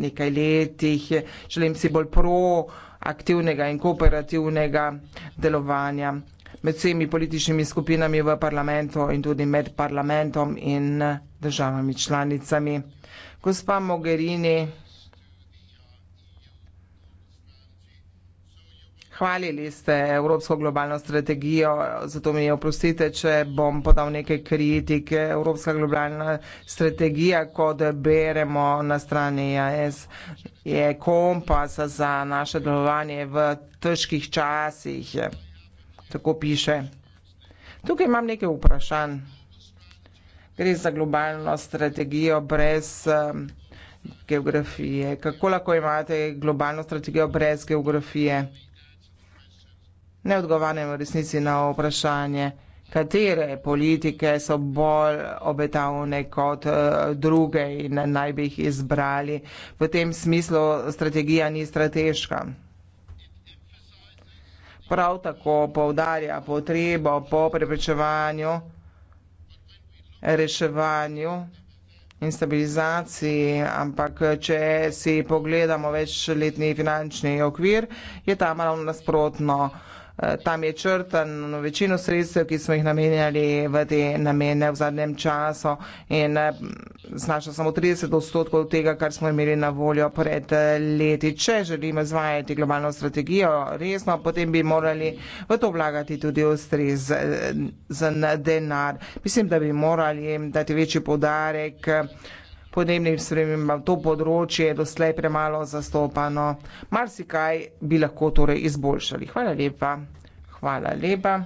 nekaj letih. Želim si bolj proaktivnega in kooperativnega delovanja med vsemi političnimi skupinami v parlamentu in tudi med parlamentom in državami članicami. Gospa Mogherini, Hvalili ste Evropsko globalno strategijo, zato mi je oprostite, če bom podal neke kritike. Evropska globalna strategija, kot beremo na strani AS, je kompas za naše delovanje v težkih časih. Tako piše. Tukaj imam nekaj vprašanj. Gre za globalno strategijo brez um, geografije. Kako lahko imate globalno strategijo brez geografije? ne odgovarjam v resnici na vprašanje, katere politike so bolj obetavne kot eh, druge in naj bi jih izbrali. V tem smislu strategija ni strateška. Prav tako povdarja potrebo po preprečevanju, reševanju in stabilizaciji, ampak če si pogledamo večletni finančni okvir, je tam ravno nasprotno. Eh, tam je črtan večino sredstev, ki smo jih namenjali v te namene v zadnjem času in eh, znaša samo 30 odstotkov tega, kar smo imeli na voljo pred eh, leti. Če želimo izvajati globalno strategijo resno, potem bi morali v to vlagati tudi ustrezen denar. Mislim, da bi morali dati večji podarek podnebnim spremembam to področje doslej premalo zastopano. Marsikaj bi lahko torej izboljšali. Hvala lepa. Hvala lepa.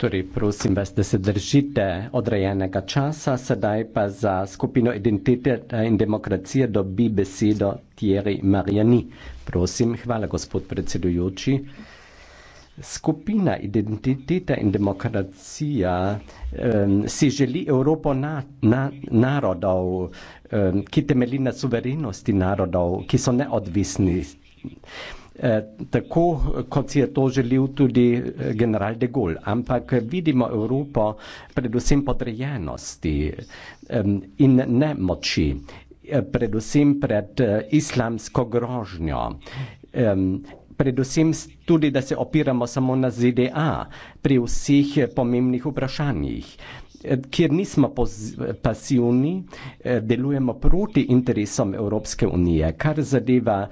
Torej, prosim vas, da se držite odrejenega časa. Sedaj pa za skupino identitete eh, in demokracije dobi besedo Thierry Marjani. Prosim, hvala gospod predsedujoči skupina identiteta in demokracija um, si želi Evropo na, na, narodov, um, ki temelji na suverenosti narodov, ki so neodvisni. E, tako kot si je to želel tudi e, general de Gaulle, ampak vidimo Evropo predvsem podrejenosti um, in nemoči, e, predvsem pred uh, islamsko grožnjo. Um, predvsem tudi, da se opiramo samo na ZDA pri vseh pomembnih vprašanjih, eh, kjer nismo pasivni, eh, delujemo proti interesom Evropske unije, kar zadeva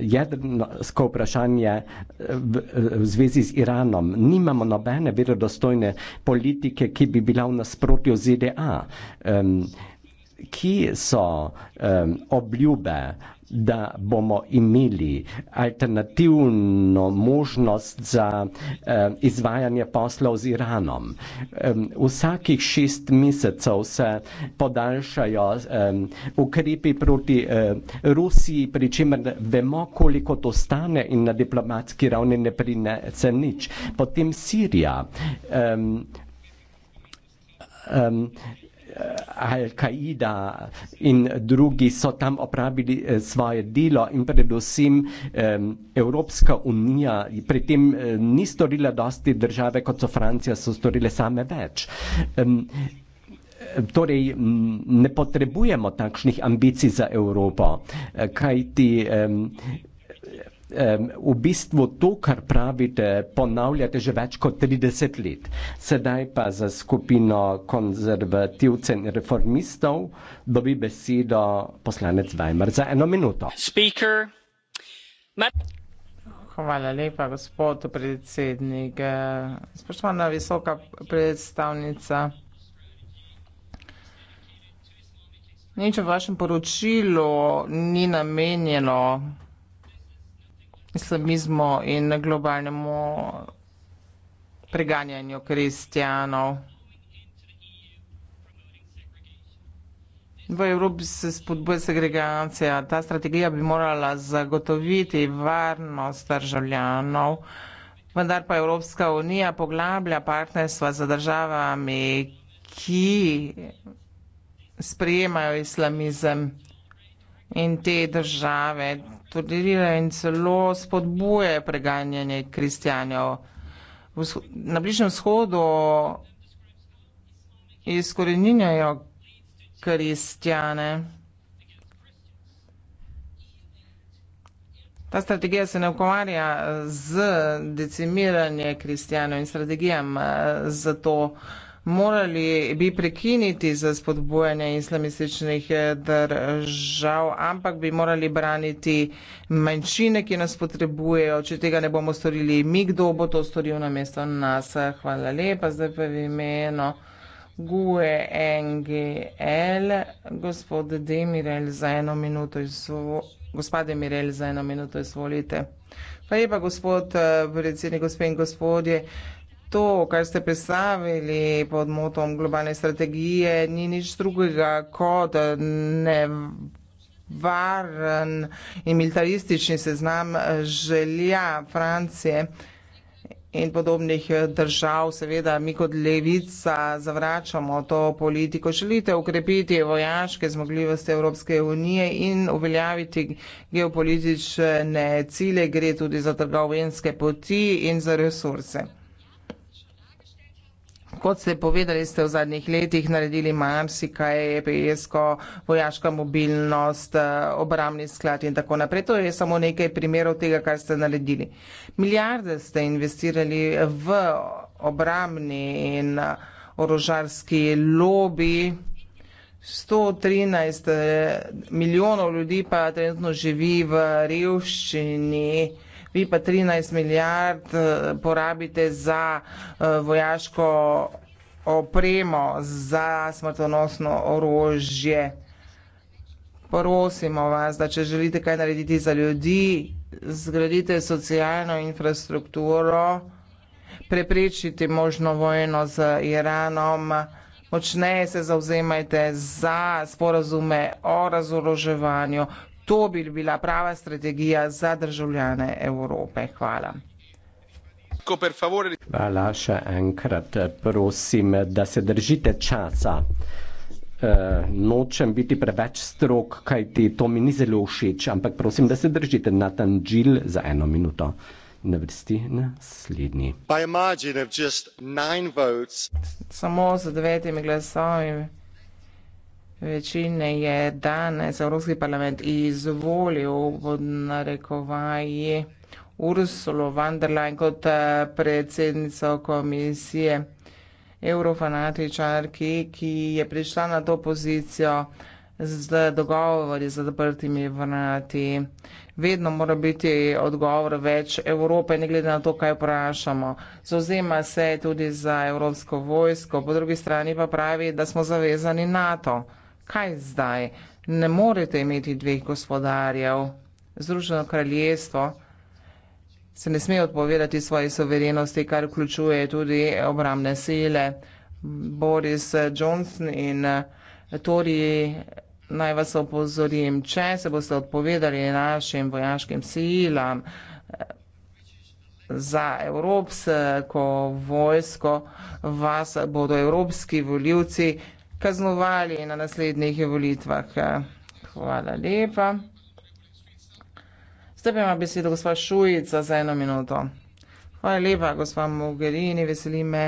jedrsko vprašanje eh, v, v zvezi z Iranom. Nimamo nobene verodostojne politike, ki bi bila v nasprotju ZDA. Kje so um, obljube da bomo imeli alternativno možnost za eh, izvajanje poslov z Iranom. Eh, vsakih šest mesecev se podaljšajo eh, ukrepi proti eh, Rusiji, pri čemer vemo, koliko to stane in na diplomatski ravni ne prinese nič. Potem Sirija. Eh, eh, Al-Kaida in drugi so tam opravili eh, svoje delo in predvsem Evropska unija pri tem eh, ni storila dosti države, kot so Francija, so storile same več. Torej, ne potrebujemo takšnih ambicij za Evropo, eh, kajti v bistvu to, kar pravite, ponavljate že več kot 30 let. Sedaj pa za skupino konzervativcev in reformistov dobi besedo poslanec Weimar za eno minuto. Speaker, Hvala lepa, gospod predsednik. Eh, spoštovana visoka predstavnica, nič v vašem poročilu ni namenjeno islamizmu in globalnemu preganjanju kristjanov. V Evropi se spodbuja segregacija. Ta strategija bi morala zagotoviti varnost državljanov, vendar pa Evropska unija poglablja partnerstva z državami, ki sprejemajo islamizem in te države, tolerira in celo spodbuje preganjanje kristjanjev. Na bližnjem vzhodu izkoreninjajo kristjane. Ta strategija se ne ukvarja z decimiranje kristjanov in strategijam eh, za to uh, morali bi prekiniti za spodbojanje islamističnih eh, držav, ampak bi morali braniti manjšine, ki nas potrebujejo. Če tega ne bomo storili, mi kdo bo to storil na mesto nas? Hvala lepa. Zdaj pa v imeno GUE NGL, gospod Demirel, za eno minuto izvolite. Gospod Mirel, za eno minuto izvolite. Pa je pa gospod eh, predsednik, gospod in gospodje, to, kar ste predstavili pod motom globalne strategije, ni nič drugega kot ne varen in militaristični seznam želja Francije in podobnih držav. Seveda, mi kot levica zavračamo to politiko. Želite ukrepiti vojaške zmogljivosti Evropske unije in uveljaviti geopolitične cilje, gre tudi za trgovinske poti in za resurse. Kot ste povedali, ste v zadnjih letih naredili marsikaj, EPS-ko, vojaška mobilnost, eh, obramni sklad in tako naprej. To je samo nekaj primerov tega, kar ste naredili. Milijarde ste investirali v obramni in eh, orožarski lobi. 113 eh, milijonov ljudi pa trenutno živi v revščini vi pa 13 milijard eh, porabite za eh, vojaško opremo, za smrtonosno orožje. Prosimo vas, da če želite kaj narediti za ljudi, zgradite socialno infrastrukturo, preprečite možno vojno z Iranom, močneje se zauzemajte za sporazume o razoroževanju, To bi bila prava strategija za državljane Evrope. Hvala. Hvala še enkrat. Prosim, da se držite časa. Eh, nočem biti preveč strok, kajti to mi ni zelo všeč, ampak prosim, da se držite na ta džil za eno minuto. Na vrsti naslednji. Samo z devetimi glasovi večine je danes Evropski parlament izvolil v narekovaji Ursulo von der Leyen kot eh, predsednico komisije Eurofanatičarki, ki je prišla na to pozicijo z dogovori z zaprtimi vrati. Vedno mora biti odgovor več Evrope, ne glede na to, kaj vprašamo. Zauzema se tudi za evropsko vojsko, po drugi strani pa pravi, da smo zavezani NATO kaj zdaj? Ne morete imeti dveh gospodarjev. Združeno kraljestvo se ne sme odpovedati svoje soverenosti, kar vključuje tudi obramne sile. Boris Johnson in Tori, naj vas opozorim, če se boste odpovedali našim vojaškim silam za evropsko vojsko, vas bodo evropski voljivci kaznovali na naslednjih volitvah. Hvala lepa. Zdaj pa ima besedo gospa Šujica za eno minuto. Hvala lepa, gospa Mogherini, veseli me,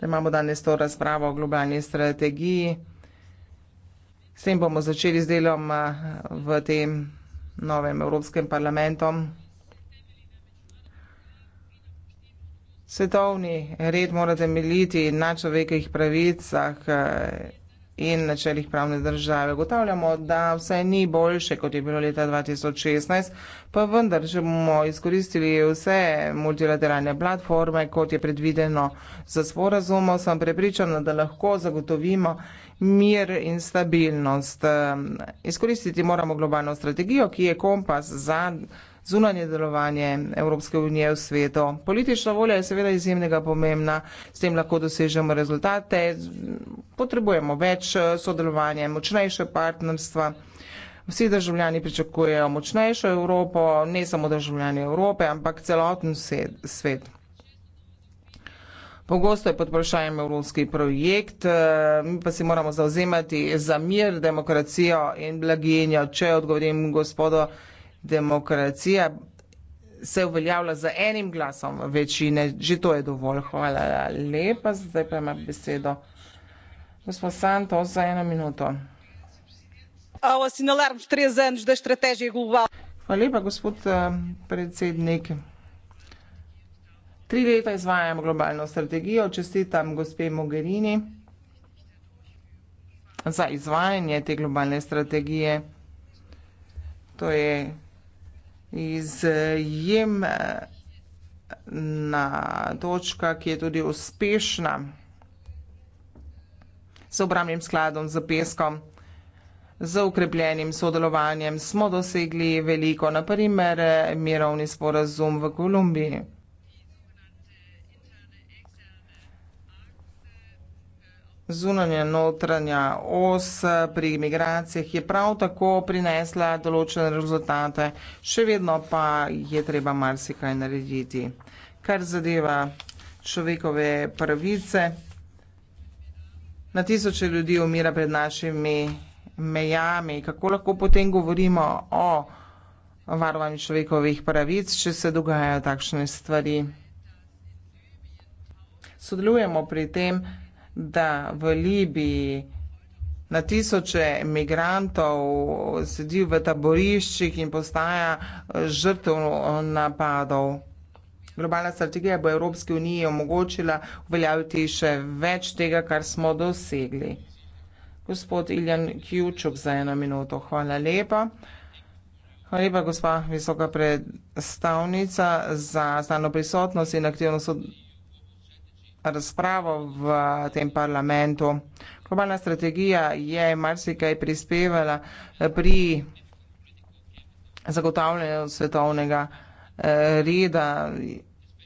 da imamo danes to razpravo o globalni strategiji. S tem bomo začeli z delom eh, v tem novem Evropskem parlamentom. Svetovni red mora temeljiti na človekovih pravicah eh, in načelih pravne države. Gotavljamo, da vse ni boljše, kot je bilo leta 2016, pa vendar, če bomo izkoristili vse multilateralne platforme, kot je predvideno za sporazumo, sem prepričana, da lahko zagotovimo mir in stabilnost. Izkoristiti moramo globalno strategijo, ki je kompas za zunanje delovanje Evropske unije v svetu. Politična volja je seveda izjemnega pomembna, s tem lahko dosežemo rezultate, potrebujemo več eh, sodelovanja, močnejše partnerstva. Vsi državljani pričakujejo močnejšo Evropo, ne samo državljani Evrope, ampak celoten svet. Pogosto je pod vprašanjem evropski projekt, eh, mi pa si moramo zauzemati za mir, demokracijo in blaginjo, če odgovorim gospodu demokracija se uveljavlja za enim glasom večine. Že to je dovolj. Hvala lepa. Zdaj pa ima besedo. Gospod Santos, za eno minuto. Hvala lepa, gospod eh, predsednik. Tri leta izvajam globalno strategijo. Čestitam gospe Mogherini za izvajanje te globalne strategije. To je izjemna točka, ki je tudi uspešna z obramnim skladom, z peskom, z ukrepljenim sodelovanjem smo dosegli veliko, naprimer mirovni sporazum v Kolumbiji. zunanja in notranja os pri migracijah je prav tako prinesla določene rezultate, še vedno pa je treba marsikaj narediti. Kar zadeva človekove pravice, na tisoče ljudi umira pred našimi mejami, kako lahko potem govorimo o varovanju človekovih pravic, če se dogajajo takšne stvari. Sodelujemo pri tem, da v Libiji na tisoče imigrantov sedi v taboriščih in postaja žrtev napadov. Globalna strategija bo Evropski uniji omogočila uveljaviti še več tega, kar smo dosegli. Gospod Iljan Kjučuk za eno minuto. Hvala lepa. Hvala lepa, gospa visoka predstavnica, za stalno prisotnost in aktivno sodelovanje razpravo v tem parlamentu. Globalna strategija je marsikaj prispevala eh, pri zagotavljanju svetovnega eh, reda.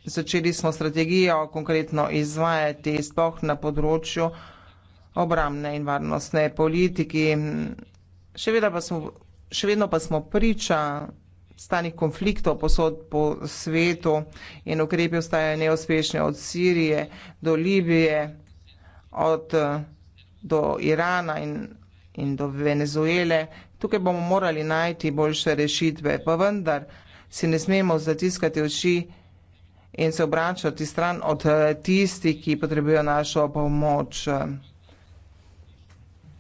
Začeli smo strategijo konkretno izvajati sploh na področju obramne in varnostne politiki. Še vedno pa smo, še vedno pa smo priča stanih konfliktov posod po svetu in ukrepi ostajajo neuspešni od Sirije do Libije, od, do Irana in, in do Venezuele. Tukaj bomo morali najti boljše rešitve, pa vendar si ne smemo zatiskati oči in se obračati stran od eh, tistih, ki potrebujejo našo pomoč.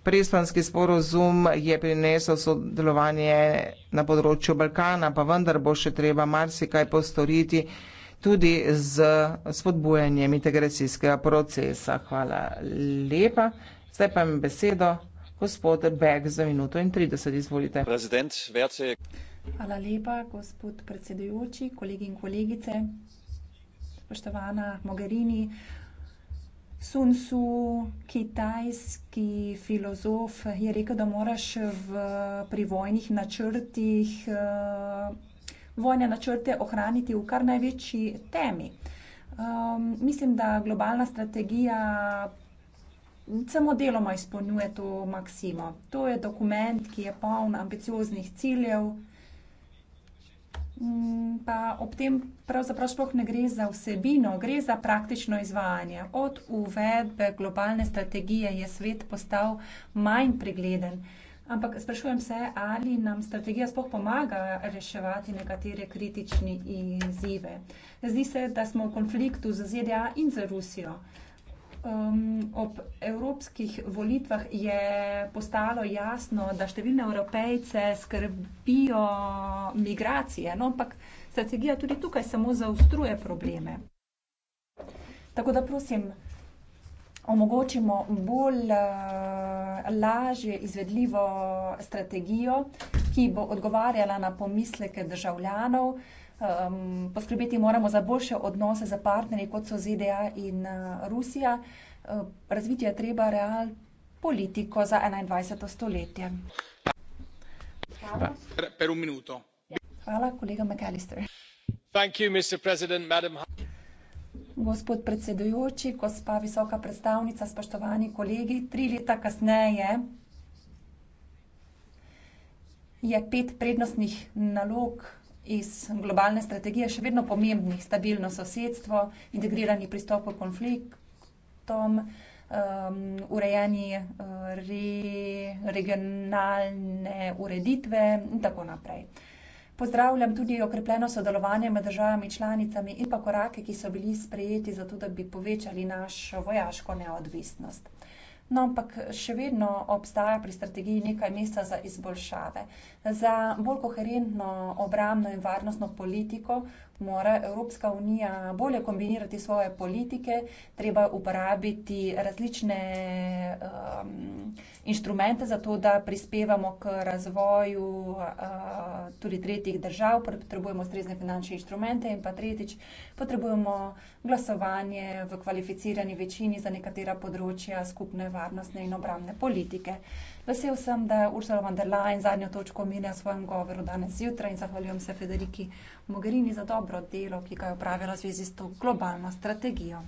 Prispanski sporozum je prinesel sodelovanje na področju Balkana, pa vendar bo še treba marsikaj postoriti tudi z spodbujanjem integracijskega procesa. Hvala lepa. Zdaj pa imam besedo gospod Beg za minuto in 30, izvolite. Hvala lepa, gospod predsedujoči, kolegi in kolegice, spoštovana Mogherini. Sun Tzu, kitajski filozof, je rekel, da moraš v, pri vojnih načrtih eh, vojne načrte ohraniti v kar največji temi. Um, mislim, da globalna strategija samo deloma izpolnjuje to maksimo. To je dokument, ki je poln ambicioznih ciljev. Mm, pa ob tem pravzaprav sploh ne gre za vsebino, gre za praktično izvajanje. Od uvedbe globalne strategije je svet postal manj pregleden. Ampak sprašujem se, ali nam strategija sploh pomaga reševati nekatere kritične izzive. Zdi se, da smo v konfliktu z ZDA in z Rusijo um, ob evropskih volitvah je postalo jasno, da številne evropejce skrbijo migracije, no, ampak strategija tudi tukaj samo zaustruje probleme. Tako da prosim, omogočimo bolj uh, lažje izvedljivo strategijo, ki bo odgovarjala na pomisleke državljanov. Uh, um, poskrbeti moramo za boljše odnose za partnerje, kot so ZDA in uh, Rusija. Uh, razviti je treba real politiko za 21. stoletje. Hvala, kolega McAllister. Gospod predsedujoči, gospa visoka predstavnica, spoštovani kolegi, tri leta kasneje je pet prednostnih nalog iz globalne strategije še vedno pomembni, stabilno sosedstvo, integrirani pristop k konfliktom, um, urejeni uh, re, regionalne ureditve in tako naprej. Pozdravljam tudi okrepljeno sodelovanje med državami članicami in pa korake, ki so bili sprejeti zato, da bi povečali našo vojaško neodvisnost. No, ampak še vedno obstaja pri strategiji nekaj mesta za izboljšave. Za bolj koherentno obramno in varnostno politiko mora Evropska unija bolje kombinirati svoje politike, treba uporabiti različne um, inštrumente za to, da prispevamo k razvoju uh, tudi tretjih držav, potrebujemo strezne finančne inštrumente in pa tretjič, potrebujemo glasovanje v kvalificirani večini za nekatera področja skupne varnostne in obramne politike. Vesel sem, da je Ursula von der Leyen zadnjo točko omenila v svojem govoru danes zjutraj in zahvaljujem se Federiki Mogherini za dobro delo, ki ga je upravila v zvezi s to globalno strategijo.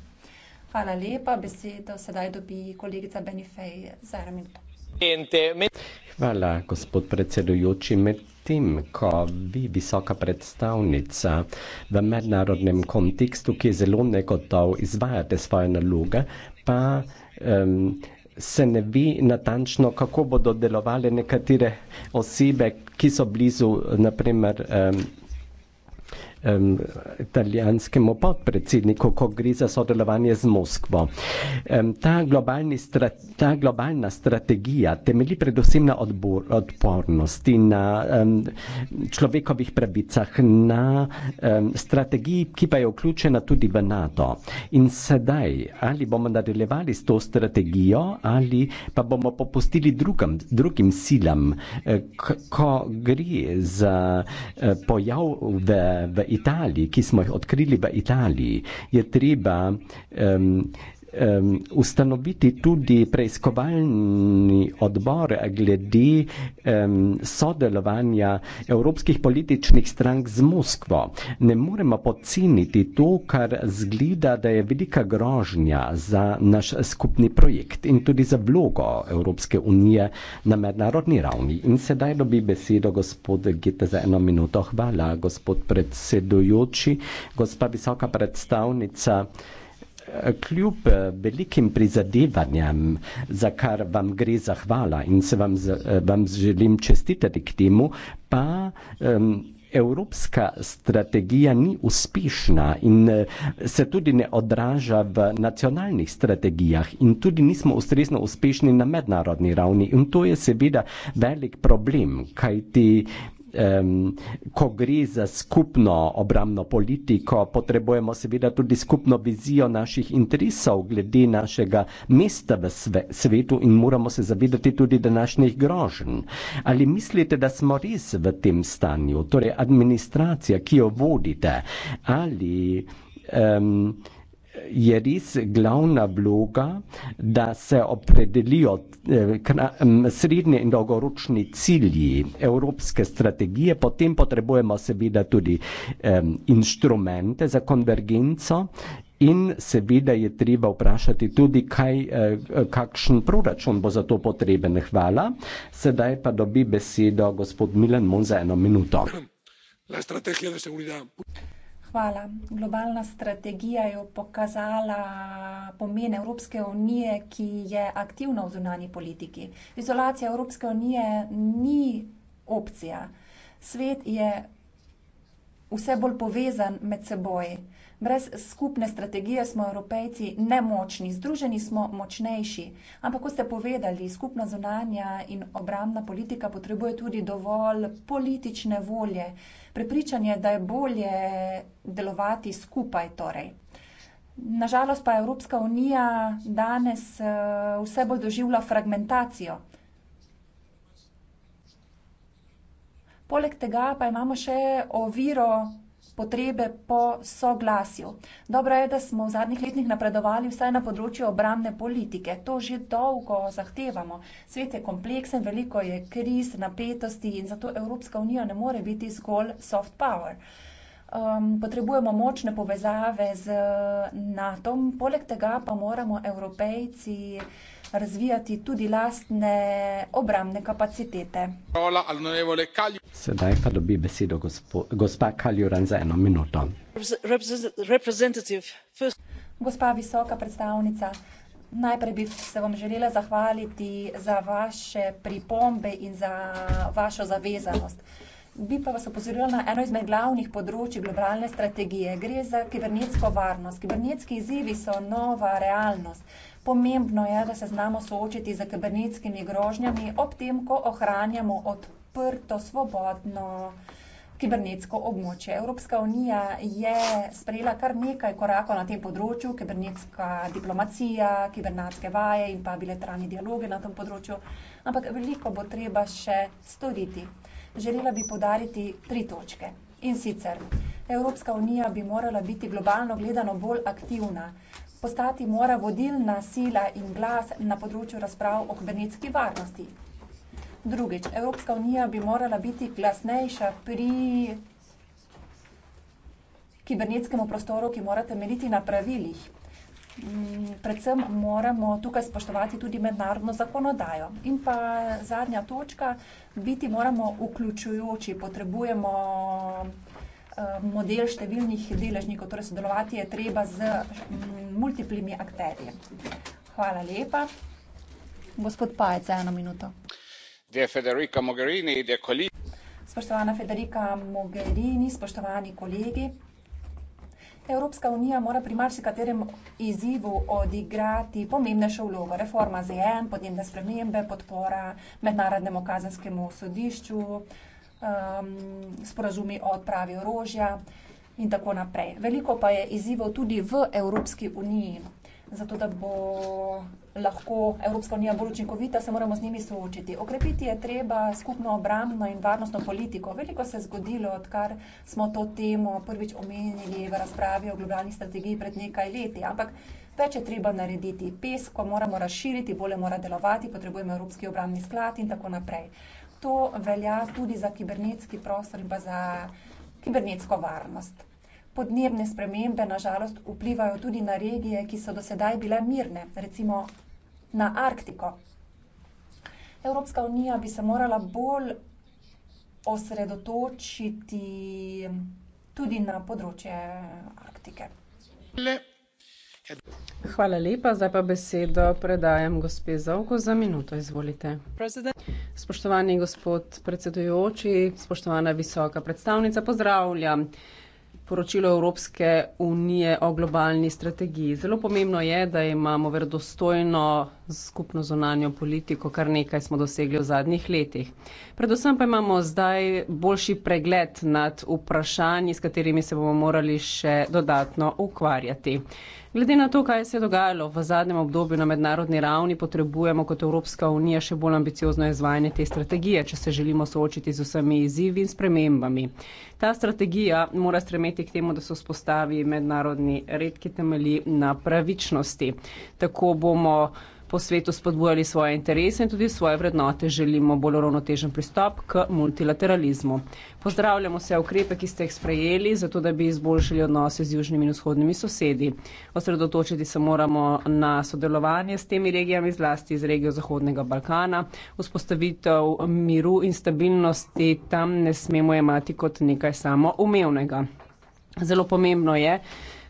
Hvala lepa, besedo sedaj dobi kolegica Benifej za eno minuto. Hvala, gospod predsedujoči. Medtem, ko vi, visoka predstavnica v mednarodnem kontekstu, ki je zelo negotov, izvajate svoje naloge, pa um, se ne ve natančno, kako bodo delovali nekatere osebe, ki so blizu, naprimer. Um, um, italijanskemu podpredsedniku, ko gre za sodelovanje z Moskvo. Um, ta, ta globalna strategija temeli predvsem na odbor, odpornosti, na um, človekovih pravicah, na um, strategiji, ki pa je vključena tudi v NATO. In sedaj, ali bomo nadaljevali s to strategijo, ali pa bomo popustili drugim, drugim silam, eh, ko gre za eh, pojav v, v Italiji, ki smo jih odkrili v Italiji, je treba um, um, ustanoviti tudi preiskovalni odbor glede um, sodelovanja evropskih političnih strank z Moskvo. Ne moremo podceniti to, kar zgleda, da je velika grožnja za naš skupni projekt in tudi za vlogo Evropske unije na mednarodni ravni. In sedaj dobi besedo gospod Gita za eno minuto. Hvala, gospod predsedujoči, gospa visoka predstavnica kljub eh, velikim prizadevanjem, za kar vam gre zahvala in se vam, eh, vam želim čestitati k temu, pa um, evropska strategija ni uspešna in eh, se tudi ne odraža v nacionalnih strategijah in tudi nismo ustrezno uspešni na mednarodni ravni in to je seveda velik problem, kajti um, ko gre za skupno obramno politiko, potrebujemo seveda tudi skupno vizijo naših interesov glede našega mesta v sve, svetu in moramo se zavedati tudi današnjih grožen. Ali mislite, da smo res v tem stanju, torej administracija, ki jo vodite, ali um, je res glavna vloga, da se opredelijo eh, srednje in dolgoročni cilji evropske strategije, potem potrebujemo seveda tudi um, inštrumente za konvergenco. In seveda je treba vprašati tudi, kaj, eh, kakšen proračun bo za to potreben. Hvala. Sedaj pa dobi besedo gospod Milan Mon za eno minuto. Hvala. Globalna strategija je pokazala pomen Evropske unije, ki je aktivna v zunanji politiki. Izolacija Evropske unije ni opcija. Svet je vse bolj povezan med seboj. Brez skupne strategije smo evropejci nemočni, združeni smo močnejši. Ampak kot ste povedali, skupna zunanja in obramna politika potrebuje tudi dovolj politične volje. Prepričanje, da je bolje delovati skupaj torej. Nažalost pa Evropska unija danes eh, vse bolj doživlja fragmentacijo. Poleg tega pa imamo še oviro potrebe po soglasju. Dobro je, da smo v zadnjih letih napredovali vsaj na področju obramne politike. To že dolgo zahtevamo. Svet je kompleksen, veliko je kriz, napetosti in zato Evropska unija ne more biti zgolj soft power. Um, potrebujemo močne povezave z uh, NATO, poleg tega pa moramo evropejci razvijati tudi lastne obramne kapacitete. Sedaj pa dobi besedo gospo, gospa Kaljuran za eno minuto. Gospa visoka predstavnica, najprej bi se vam želela zahvaliti za vaše pripombe in za vašo zavezanost. Bi pa vas opozorila na eno izmed glavnih področji globalne strategije. Gre za kibernetsko varnost. Kibernetski izzivi so nova realnost. Pomembno je, da se znamo soočiti z kibernetskimi grožnjami, ob tem, ko ohranjamo odprto, svobodno kibernetsko območje. Evropska unija je sprejela kar nekaj korakov na tem področju, kibernetska diplomacija, kibernetske vaje in pa bilateralni dialogi na tem področju, ampak veliko bo treba še storiti. Želela bi podariti tri točke. In sicer, Evropska unija bi morala biti globalno gledano bolj aktivna, postati mora vodilna sila in glas na področju razprav o kibernetski varnosti. Drugič, Evropska unija bi morala biti glasnejša pri kibernetskem prostoru, ki mora temeljiti na pravilih. Mm, predvsem moramo tukaj spoštovati tudi mednarodno zakonodajo. In pa zadnja točka, biti moramo vključujoči, potrebujemo Eh, model številnih deležnikov, torej sodelovati je treba z mm, multiplimi akterji. Hvala lepa. Gospod Pajec, eno minuto. Spoštovana Federica Mogherini, spoštovani kolegi. Evropska unija mora pri marsikaterem izzivu odigrati pomembnejšo vlogo. Reforma ZN, podnebne spremembe, podpora mednarodnemu kazenskemu sodišču, um, sporazumi o odpravi orožja in tako naprej. Veliko pa je izzivov tudi v Evropski uniji. Zato, da bo lahko Evropska unija bolj učinkovita, se moramo z njimi soočiti. Okrepiti je treba skupno obrambno in varnostno politiko. Veliko se je zgodilo, odkar smo to temo prvič omenili v razpravi o globalni strategiji pred nekaj leti. Ampak več je treba narediti. Pesko moramo razširiti, bolje mora delovati, potrebujemo Evropski obrambni sklad in tako naprej to velja tudi za kibernetski prostor in pa za kibernetsko varnost. Podnebne spremembe nažalost vplivajo tudi na regije, ki so dosedaj bile mirne, recimo na Arktiko. Evropska unija bi se morala bolj osredotočiti tudi na področje Arktike. Le Hvala lepa. Zdaj pa besedo predajam gospe Zovko za minuto. Izvolite. Spoštovani gospod predsedujoči, spoštovana visoka predstavnica, pozdravljam poročilo Evropske unije o globalni strategiji. Zelo pomembno je, da imamo verodostojno skupno zonanjo politiko, kar nekaj smo dosegli v zadnjih letih. Predvsem pa imamo zdaj boljši pregled nad vprašanji, s katerimi se bomo morali še dodatno ukvarjati. Glede na to, kaj se je dogajalo v zadnjem obdobju na mednarodni ravni, potrebujemo kot Evropska unija še bolj ambiciozno izvajanje te strategije, če se želimo soočiti z vsemi izzivi in spremembami. Ta strategija mora stremeti k temu, da se vzpostavi mednarodni red, ki temelji na pravičnosti. Tako bomo po svetu spodbujali svoje interese in tudi svoje vrednote, želimo bolj ravnotežen pristop k multilateralizmu. Pozdravljamo vse ukrepe, ki ste jih sprejeli, zato da bi izboljšali odnose z južnimi in vzhodnimi sosedi. Osredotočiti se moramo na sodelovanje s temi regijami, zlasti z regijo Zahodnega Balkana. Vzpostavitev miru in stabilnosti tam ne smemo imati kot nekaj samoumevnega. Zelo pomembno je,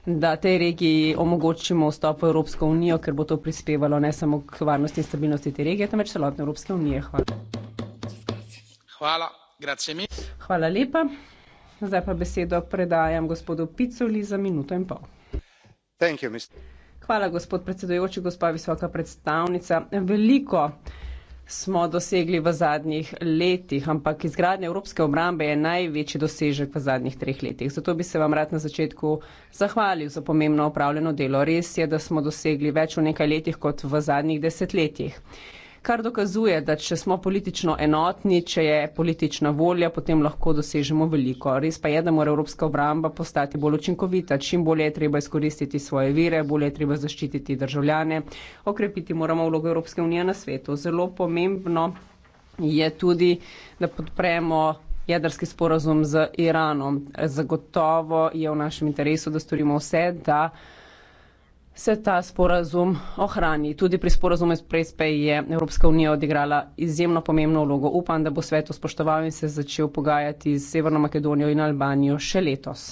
da tej regiji omogočimo vstop v Evropsko unijo, ker bo to prispevalo ne samo k varnosti in stabilnosti te regije, temveč celotne Evropske unije. Hvala. Hvala, grazie mi. Hvala lepa. Zdaj pa besedo predajam gospodu Picoli za minuto in pol. Thank you, Hvala, gospod predsedujoči, gospa visoka predstavnica. Veliko smo dosegli v zadnjih letih, ampak izgradnja evropske obrambe je največji dosežek v zadnjih treh letih. Zato bi se vam rad na začetku zahvalil za pomembno opravljeno delo. Res je, da smo dosegli več v nekaj letih kot v zadnjih desetletjih kar dokazuje, da če smo politično enotni, če je politična volja, potem lahko dosežemo veliko. Res pa je, da mora evropska obramba postati bolj učinkovita. Čim bolje je treba izkoristiti svoje vire, bolje je treba zaščititi državljane. Okrepiti moramo vlogo Evropske unije na svetu. Zelo pomembno je tudi, da podpremo. Jedrski sporazum z Iranom. Zagotovo je v našem interesu, da storimo vse, da se ta sporazum ohrani. Tudi pri sporazumu s Prespej je Evropska unija odigrala izjemno pomembno vlogo. Upam, da bo svet spoštoval in se začel pogajati z Severno Makedonijo in Albanijo še letos.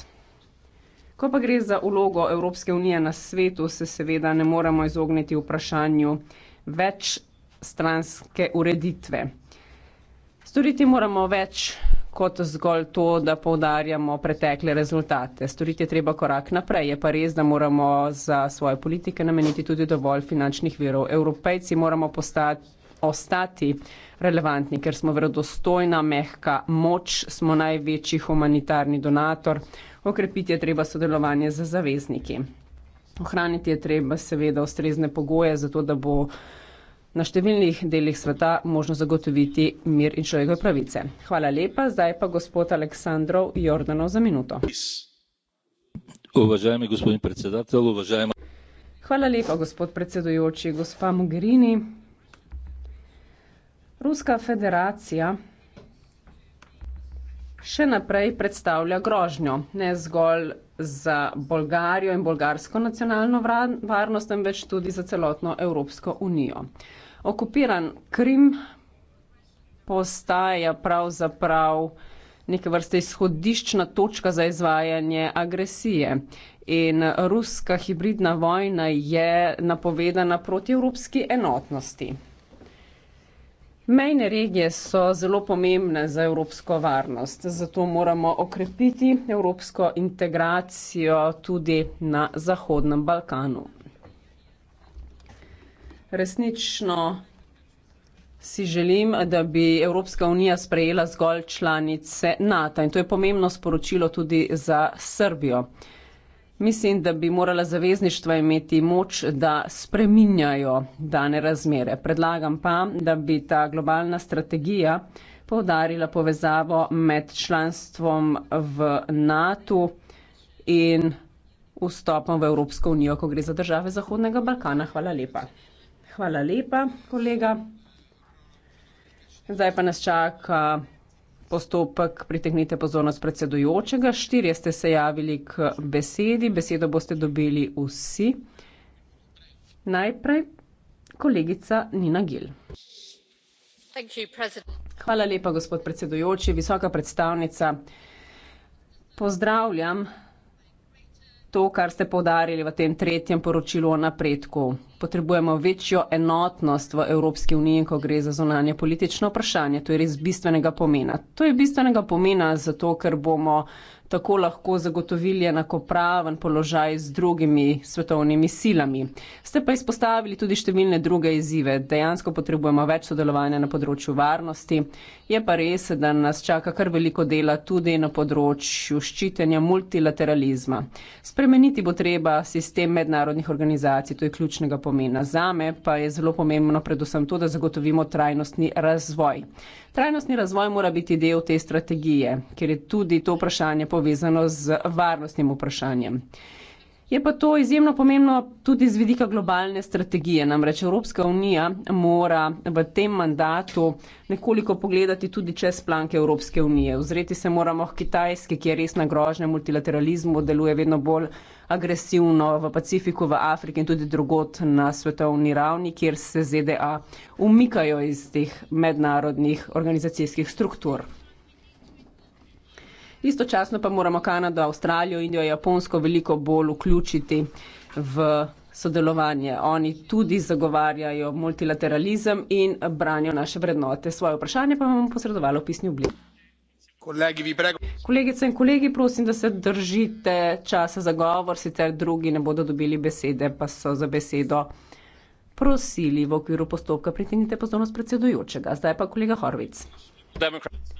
Ko pa gre za vlogo Evropske unije na svetu, se seveda ne moremo izogniti vprašanju večstranske ureditve. Storiti moramo več kot zgolj to, da povdarjamo pretekle rezultate. Storiti je treba korak naprej. Je pa res, da moramo za svoje politike nameniti tudi dovolj finančnih virov. Evropejci moramo postati ostati relevantni, ker smo verodostojna, mehka moč, smo največji humanitarni donator. Okrepiti je treba sodelovanje z zavezniki. Ohraniti je treba seveda ustrezne pogoje, zato da bo na številnih delih sveta možno zagotoviti mir in človekove pravice. Hvala lepa, zdaj pa gospod Aleksandrov Jordanov za minuto. Uvažajmi gospodin predsedatelj, uvažajmo. Hvala lepa, gospod predsedujoči, gospa Mogherini. Ruska federacija še naprej predstavlja grožnjo, ne zgolj za Bolgarijo in bolgarsko nacionalno varnost, temveč tudi za celotno Evropsko unijo okupiran Krim postaja pravzaprav neke vrste izhodiščna točka za izvajanje agresije. In ruska hibridna vojna je napovedana proti evropski enotnosti. Mejne regije so zelo pomembne za evropsko varnost, zato moramo okrepiti evropsko integracijo tudi na Zahodnem Balkanu. Resnično si želim, da bi Evropska unija sprejela zgolj članice NATO in to je pomembno sporočilo tudi za Srbijo. Mislim, da bi morala zavezništva imeti moč, da spreminjajo dane razmere. Predlagam pa, da bi ta globalna strategija povdarila povezavo med članstvom v NATO in vstopom v Evropsko unijo, ko gre za države Zahodnega Balkana. Hvala lepa. Hvala lepa, kolega. Zdaj pa nas čaka postopek pritehnite pozornost predsedujočega. Štirje ste se javili k besedi, besedo boste dobili vsi. Najprej kolegica Nina Gil. Hvala lepa, gospod predsedujoči, visoka predstavnica. Pozdravljam to, kar ste podarili v tem tretjem poročilu o napredku. Potrebujemo večjo enotnost v Evropski uniji, ko gre za zonanje politično vprašanje. To je res bistvenega pomena. To je bistvenega pomena zato, ker bomo tako lahko zagotovili enakopraven položaj z drugimi svetovnimi silami. Ste pa izpostavili tudi številne druge izzive. Dejansko potrebujemo več sodelovanja na področju varnosti. Je pa res, da nas čaka kar veliko dela tudi na področju ščitenja multilateralizma. Spremeniti bo treba sistem mednarodnih organizacij, to je ključnega pomena. Zame pa je zelo pomembno predvsem to, da zagotovimo trajnostni razvoj. Trajnostni razvoj mora biti del te strategije, ker je tudi to vprašanje povezano z varnostnim vprašanjem. Je pa to izjemno pomembno tudi z vidika globalne strategije. Namreč Evropska unija mora v tem mandatu nekoliko pogledati tudi čez planke Evropske unije. Ozreti se moramo v Kitajske, ki je resna grožnja multilateralizmu, deluje vedno bolj agresivno v Pacifiku, v Afriki in tudi drugot na svetovni ravni, kjer se ZDA umikajo iz teh mednarodnih organizacijskih struktur istočasno pa moramo Kanado, Avstralijo, Indijo, Japonsko veliko bolj vključiti v sodelovanje. Oni tudi zagovarjajo multilateralizem in branijo naše vrednote. Svoje vprašanje pa vam bom posredovala v pisni obliki. Kolegice in kolegi, prosim, da se držite časa za govor, sicer drugi ne bodo dobili besede, pa so za besedo prosili v okviru postopka. Pritinite pozornost predsedujočega. Zdaj pa kolega Horvic. Demokrati.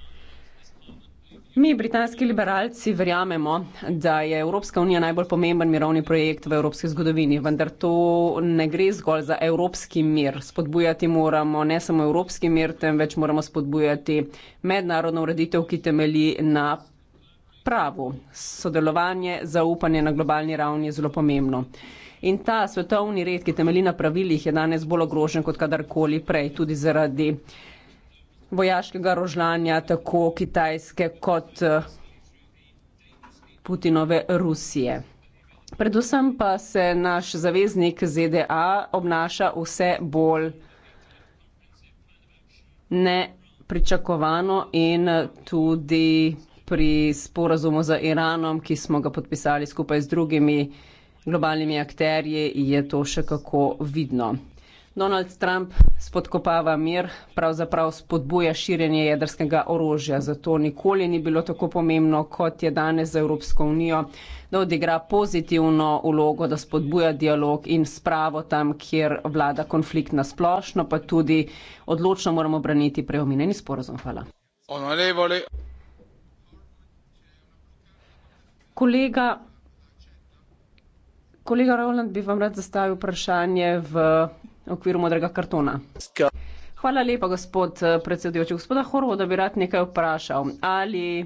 Mi, britanski liberalci, verjamemo, da je Evropska unija najbolj pomemben mirovni projekt v evropski zgodovini, vendar to ne gre zgolj za evropski mir. Spodbujati moramo ne samo evropski mir, temveč moramo spodbujati mednarodno ureditev, ki temelji na pravu. Sodelovanje, zaupanje na globalni ravni je zelo pomembno. In ta svetovni red, ki temelji na pravilih, je danes bolj ogrožen kot kadarkoli prej, tudi zaradi vojaškega rožljanja tako Kitajske kot eh, Putinove Rusije. Predvsem pa se naš zaveznik ZDA obnaša vse bolj nepričakovano in eh, tudi pri sporazumu z Iranom, ki smo ga podpisali skupaj z drugimi globalnimi akterji, je to še kako vidno. Donald Trump spodkopava mir, pravzaprav spodbuja širjenje jedrskega orožja. Zato nikoli ni bilo tako pomembno, kot je danes za Evropsko unijo, da odigra pozitivno ulogo, da spodbuja dialog in spravo tam, kjer vlada konflikt na splošno, pa tudi odločno moramo braniti preomineni sporozum. Hvala. Onorevole. Kolega. Kolega Roland, bi vam rad zastavil vprašanje v v okviru modrega kartona. Hvala lepa, gospod eh, predsedujoči. Gospoda Horvo, da bi rad nekaj vprašal. Ali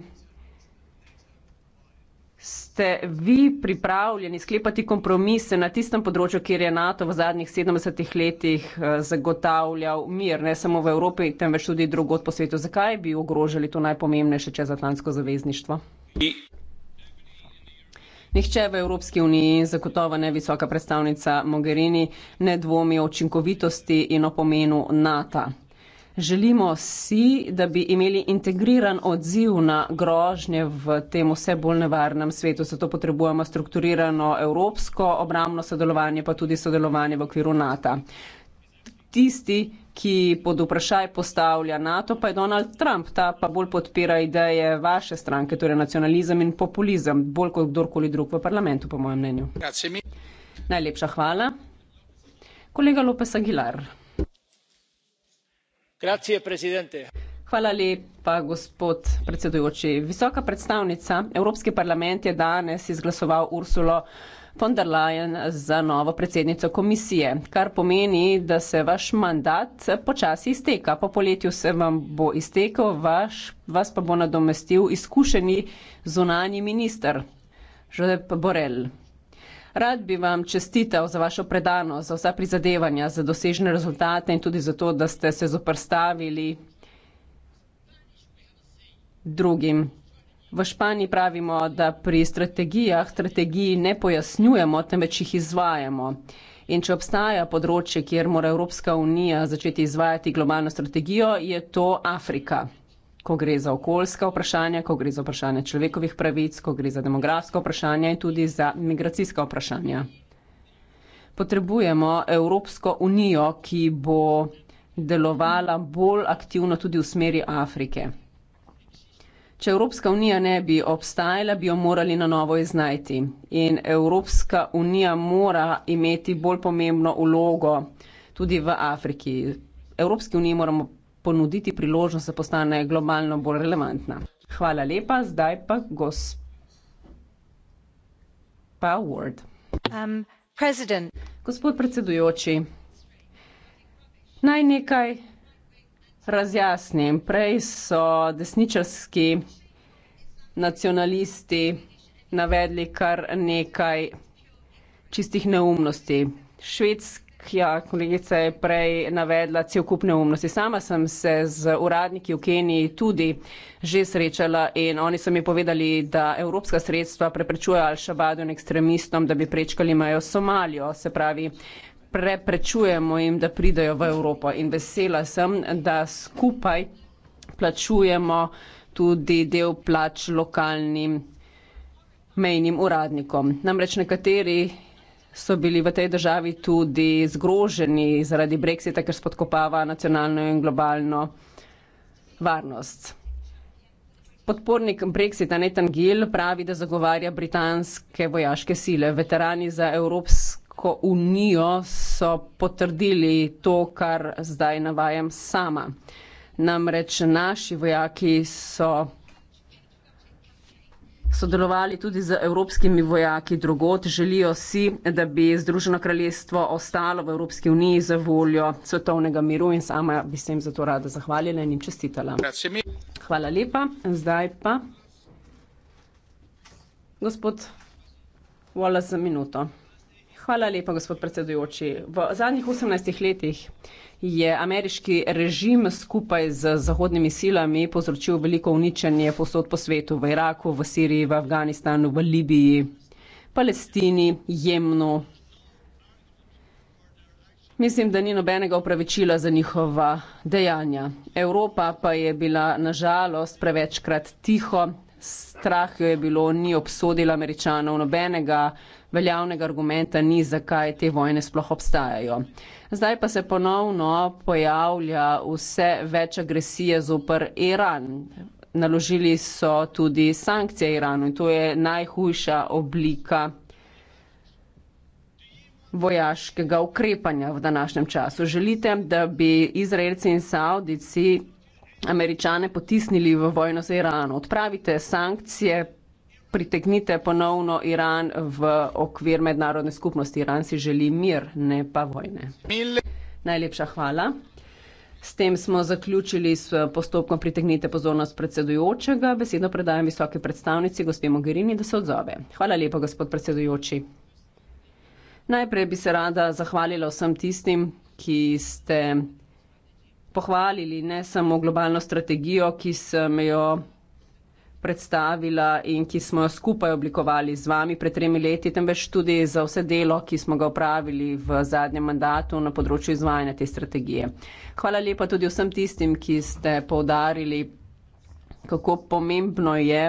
ste vi pripravljeni sklepati kompromise na tistem področju, kjer je NATO v zadnjih 70 letih eh, zagotavljal mir, ne samo v Evropi, temveč tudi drugod po svetu? Zakaj bi ogrožali to najpomembnejše čezatlantsko zavezništvo? I Nihče v Evropski uniji, zagotovo ne visoka predstavnica Mogherini, ne dvomi o učinkovitosti in o pomenu NATO. Želimo si, da bi imeli integriran odziv na grožnje v tem vse bolj nevarnem svetu. Zato potrebujemo strukturirano evropsko obramno sodelovanje, pa tudi sodelovanje v okviru NATO. Tisti, ki pod vprašaj postavlja NATO, pa je Donald Trump. Ta pa bolj podpira ideje vaše stranke, torej nacionalizem in populizem, bolj kot kdorkoli drug v parlamentu, po mojem mnenju. Najlepša hvala. Kolega Lopes Aguilar. Hvala lepa, gospod predsedujoči. Visoka predstavnica Evropski parlament je danes izglasoval Ursulo von der Leyen za novo predsednico komisije, kar pomeni, da se vaš mandat počasi izteka. Po poletju se vam bo iztekel, vaš, vas pa bo nadomestil izkušeni zunani minister Žodep Borel. Rad bi vam čestital za vašo predanost, za vsa prizadevanja, za dosežene rezultate in tudi za to, da ste se zoprstavili drugim. V Španiji pravimo, da pri strategijah strategiji ne pojasnjujemo, temveč jih izvajamo. In če obstaja področje, kjer mora Evropska unija začeti izvajati globalno strategijo, je to Afrika. Ko gre za okoljska vprašanja, ko gre za vprašanje človekovih pravic, ko gre za demografsko vprašanje in tudi za migracijska vprašanja. Potrebujemo Evropsko unijo, ki bo delovala bolj aktivno tudi v smeri Afrike. Če Evropska unija ne bi obstajala, bi jo morali na novo iznajti. In Evropska unija mora imeti bolj pomembno ulogo tudi v Afriki. Evropski uniji moramo ponuditi priložnost, da postane globalno bolj relevantna. Hvala lepa, zdaj pa gospod. Um, gospod predsedujoči, naj nekaj razjasni. Prej so desničarski nacionalisti navedli kar nekaj čistih neumnosti. Švedska kolegica je prej navedla cel kup neumnosti. Sama sem se z uradniki v Keniji tudi že srečala in oni so mi povedali, da evropska sredstva preprečujejo Al-Shabaab in ekstremistom, da bi prečkali mejo Somalijo. Se pravi, preprečujemo jim, da pridejo v Evropo. In vesela sem, da skupaj plačujemo tudi del plač lokalnim mejnim uradnikom. Namreč nekateri so bili v tej državi tudi zgroženi zaradi brexita, ker spodkopava nacionalno in globalno varnost. Podpornik brexita Nathan Gill pravi, da zagovarja britanske vojaške sile. Veterani za evropske Evropsko unijo so potrdili to, kar zdaj navajam sama. Namreč naši vojaki so sodelovali tudi z evropskimi vojaki drugot. Želijo si, da bi Združeno kraljestvo ostalo v Evropski uniji za voljo svetovnega miru in sama bi se jim za to rada zahvalila in jim čestitala. Hvala lepa. Zdaj pa gospod Wallace za minuto. Hvala lepa, gospod predsedujoči. V zadnjih 18 letih je ameriški režim skupaj z zahodnimi silami povzročil veliko uničenje posod po svetu, v Iraku, v Siriji, v Afganistanu, v Libiji, Palestini, Jemnu. Mislim, da ni nobenega upravičila za njihova dejanja. Evropa pa je bila nažalost prevečkrat tiho, strah jo je bilo, ni obsodila američanov nobenega veljavnega argumenta ni, zakaj te vojne sploh obstajajo. Zdaj pa se ponovno pojavlja vse več agresije zopr Iran. Naložili so tudi sankcije Iranu in to je najhujša oblika vojaškega ukrepanja v današnjem času. Želite, da bi Izraelci in Saudici američane potisnili v vojno z Iranom. Odpravite sankcije, pritegnite ponovno Iran v okvir mednarodne skupnosti. Iran si želi mir, ne pa vojne. Najlepša hvala. S tem smo zaključili s postopkom pritegnite pozornost predsedujočega. Besedo predajam visoke predstavnici gospe Mogherini, da se odzove. Hvala lepa, gospod predsedujoči. Najprej bi se rada zahvalila vsem tistim, ki ste pohvalili ne samo globalno strategijo, ki sem jo predstavila in ki smo jo skupaj oblikovali z vami pred tremi leti, temveč tudi za vse delo, ki smo ga upravili v zadnjem mandatu na področju izvajanja te strategije. Hvala lepa tudi vsem tistim, ki ste povdarili, kako pomembno je,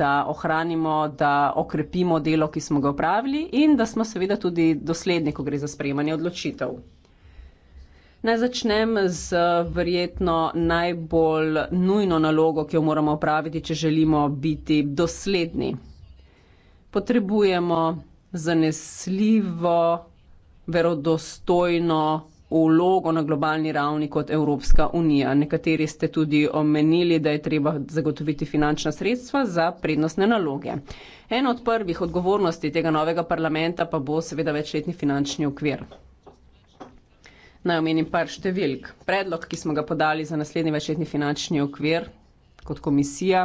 da ohranimo, da okrepimo delo, ki smo ga upravili in da smo seveda tudi dosledni, ko gre za sprejemanje odločitev. Naj začnem z verjetno najbolj nujno nalogo, ki jo moramo opraviti, če želimo biti dosledni. Potrebujemo zanesljivo, verodostojno vlogo na globalni ravni kot Evropska unija. Nekateri ste tudi omenili, da je treba zagotoviti finančna sredstva za prednostne naloge. Ena od prvih odgovornosti tega novega parlamenta pa bo seveda večletni finančni okvir. Naj omenim par številk. Predlog, ki smo ga podali za naslednji večletni finančni okvir kot komisija,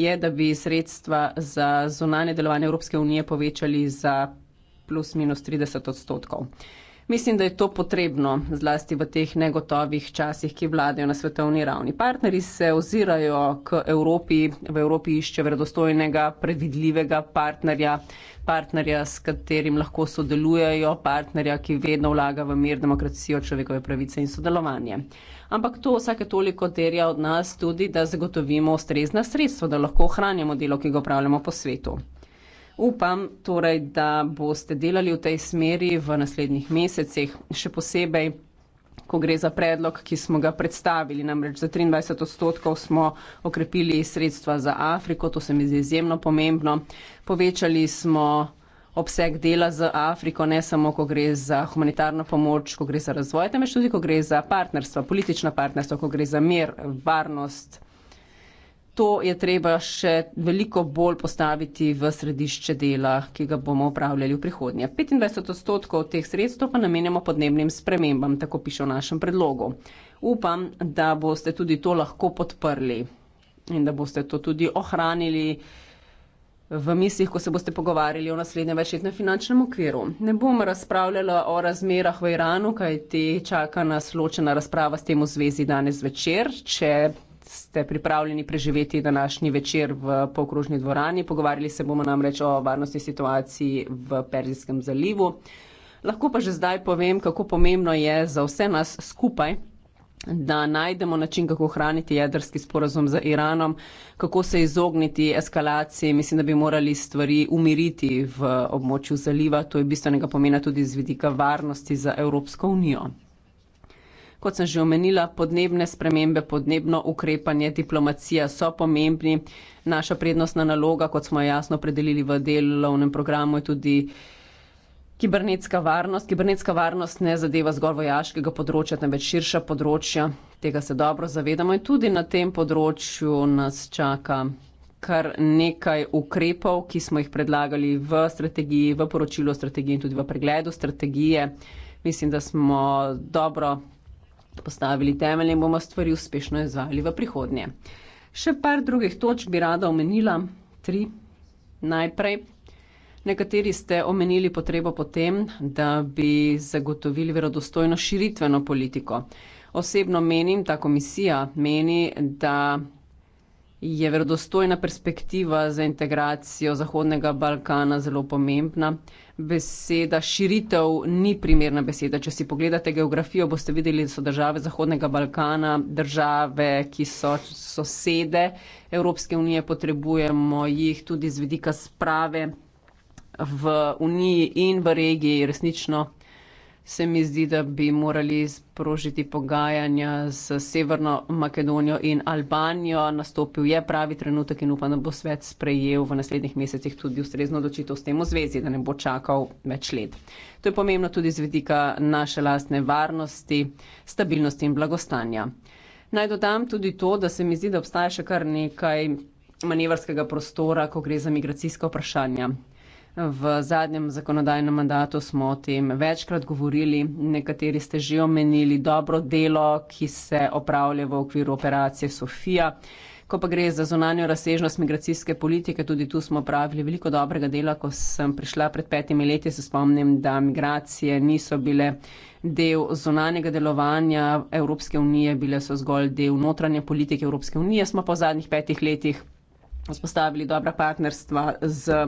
je, da bi sredstva za zunanje delovanje Evropske unije povečali za plus minus 30 odstotkov. Mislim, da je to potrebno, zlasti v teh negotovih časih, ki vladajo na svetovni ravni. Partneri se ozirajo k Evropi, v Evropi išče verodostojnega, predvidljivega partnerja partnerja, s katerim lahko sodelujejo, partnerja, ki vedno vlaga v mir, demokracijo, človekove pravice in sodelovanje. Ampak to vsake toliko terja od nas tudi, da zagotovimo ustrezna sredstva, da lahko ohranjamo delo, ki ga upravljamo po svetu. Upam torej, da boste delali v tej smeri v naslednjih mesecih, še posebej ko gre za predlog, ki smo ga predstavili. Namreč za 23 odstotkov smo okrepili sredstva za Afriko, to se mi zdi izjemno pomembno. Povečali smo obseg dela z Afriko, ne samo, ko gre za humanitarno pomoč, ko gre za razvoj, temveč tudi, ko gre za partnerstva, politična partnerstva, ko gre za mir, varnost to je treba še veliko bolj postaviti v središče dela, ki ga bomo upravljali v prihodnje. 25 odstotkov teh sredstev pa namenjamo podnebnim spremembam, tako piše v našem predlogu. Upam, da boste tudi to lahko podprli in da boste to tudi ohranili v mislih, ko se boste pogovarjali o naslednjem večletnem finančnem okviru. Ne bom razpravljala o razmerah v Iranu, kaj te čaka nas ločena razprava s tem v zvezi danes večer. Če ste pripravljeni preživeti današnji večer v polkrožni dvorani. Pogovarjali se bomo namreč o varnostni situaciji v Perzijskem zalivu. Lahko pa že zdaj povem, kako pomembno je za vse nas skupaj, da najdemo način, kako ohraniti jedrski sporazum z Iranom, kako se izogniti eskalaciji. Mislim, da bi morali stvari umiriti v območju zaliva. To je bistvenega pomena tudi z vidika varnosti za Evropsko unijo kot sem že omenila, podnebne spremembe, podnebno ukrepanje, diplomacija so pomembni. Naša prednostna naloga, kot smo jasno predelili v delovnem programu, je tudi kibernetska varnost. Kibernetska varnost ne zadeva zgolj vojaškega področja, temveč širša področja. Tega se dobro zavedamo in tudi na tem področju nas čaka kar nekaj ukrepov, ki smo jih predlagali v strategiji, v poročilu o strategiji in tudi v pregledu strategije. Mislim, da smo dobro postavili temelje in bomo stvari uspešno izvajali v prihodnje. Še par drugih točk bi rada omenila, tri najprej. Nekateri ste omenili potrebo potem, da bi zagotovili verodostojno širitveno politiko. Osebno menim, ta komisija meni, da je verodostojna perspektiva za integracijo Zahodnega Balkana zelo pomembna. Beseda širitev ni primerna beseda. Če si pogledate geografijo, boste videli, da so države Zahodnega Balkana, države, ki so sosede Evropske unije, potrebujemo jih tudi z vidika sprave v uniji in v regiji resnično se mi zdi, da bi morali sprožiti pogajanja s Severno Makedonijo in Albanijo. Nastopil je pravi trenutek in upam, da bo svet sprejel v naslednjih mesecih tudi ustrezno odločitev s tem v zvezi, da ne bo čakal več let. To je pomembno tudi z vedika naše lastne varnosti, stabilnosti in blagostanja. Naj dodam tudi to, da se mi zdi, da obstaja še kar nekaj manevrskega prostora, ko gre za migracijska vprašanja. V zadnjem zakonodajnem mandatu smo o tem večkrat govorili, nekateri ste že omenili dobro delo, ki se opravlja v okviru operacije Sofija. Ko pa gre za zunanjo razsežnost migracijske politike, tudi tu smo pravili veliko dobrega dela. Ko sem prišla pred petimi leti, se spomnim, da migracije niso bile del zunanjega delovanja Evropske unije, bile so zgolj del notranje politike Evropske unije. Smo pa v zadnjih petih letih vzpostavili dobra partnerstva z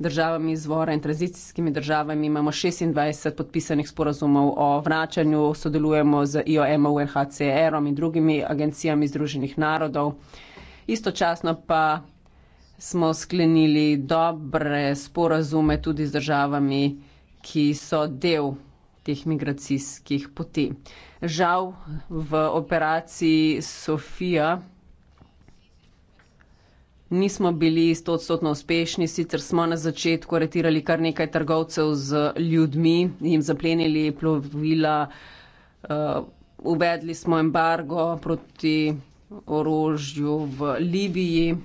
državami izvora in tranzicijskimi državami. Imamo 26 podpisanih sporazumov o vračanju, sodelujemo z IOM, UNHCR-om in drugimi agencijami Združenih narodov. Istočasno pa smo sklenili dobre sporazume tudi z državami, ki so del teh migracijskih poti. Žal v operaciji Sofija. Nismo bili stotodstotno uspešni, sicer smo na začetku aretirali kar nekaj trgovcev z ljudmi, jim zaplenili plovila, eh, uvedli smo embargo proti orožju v Libiji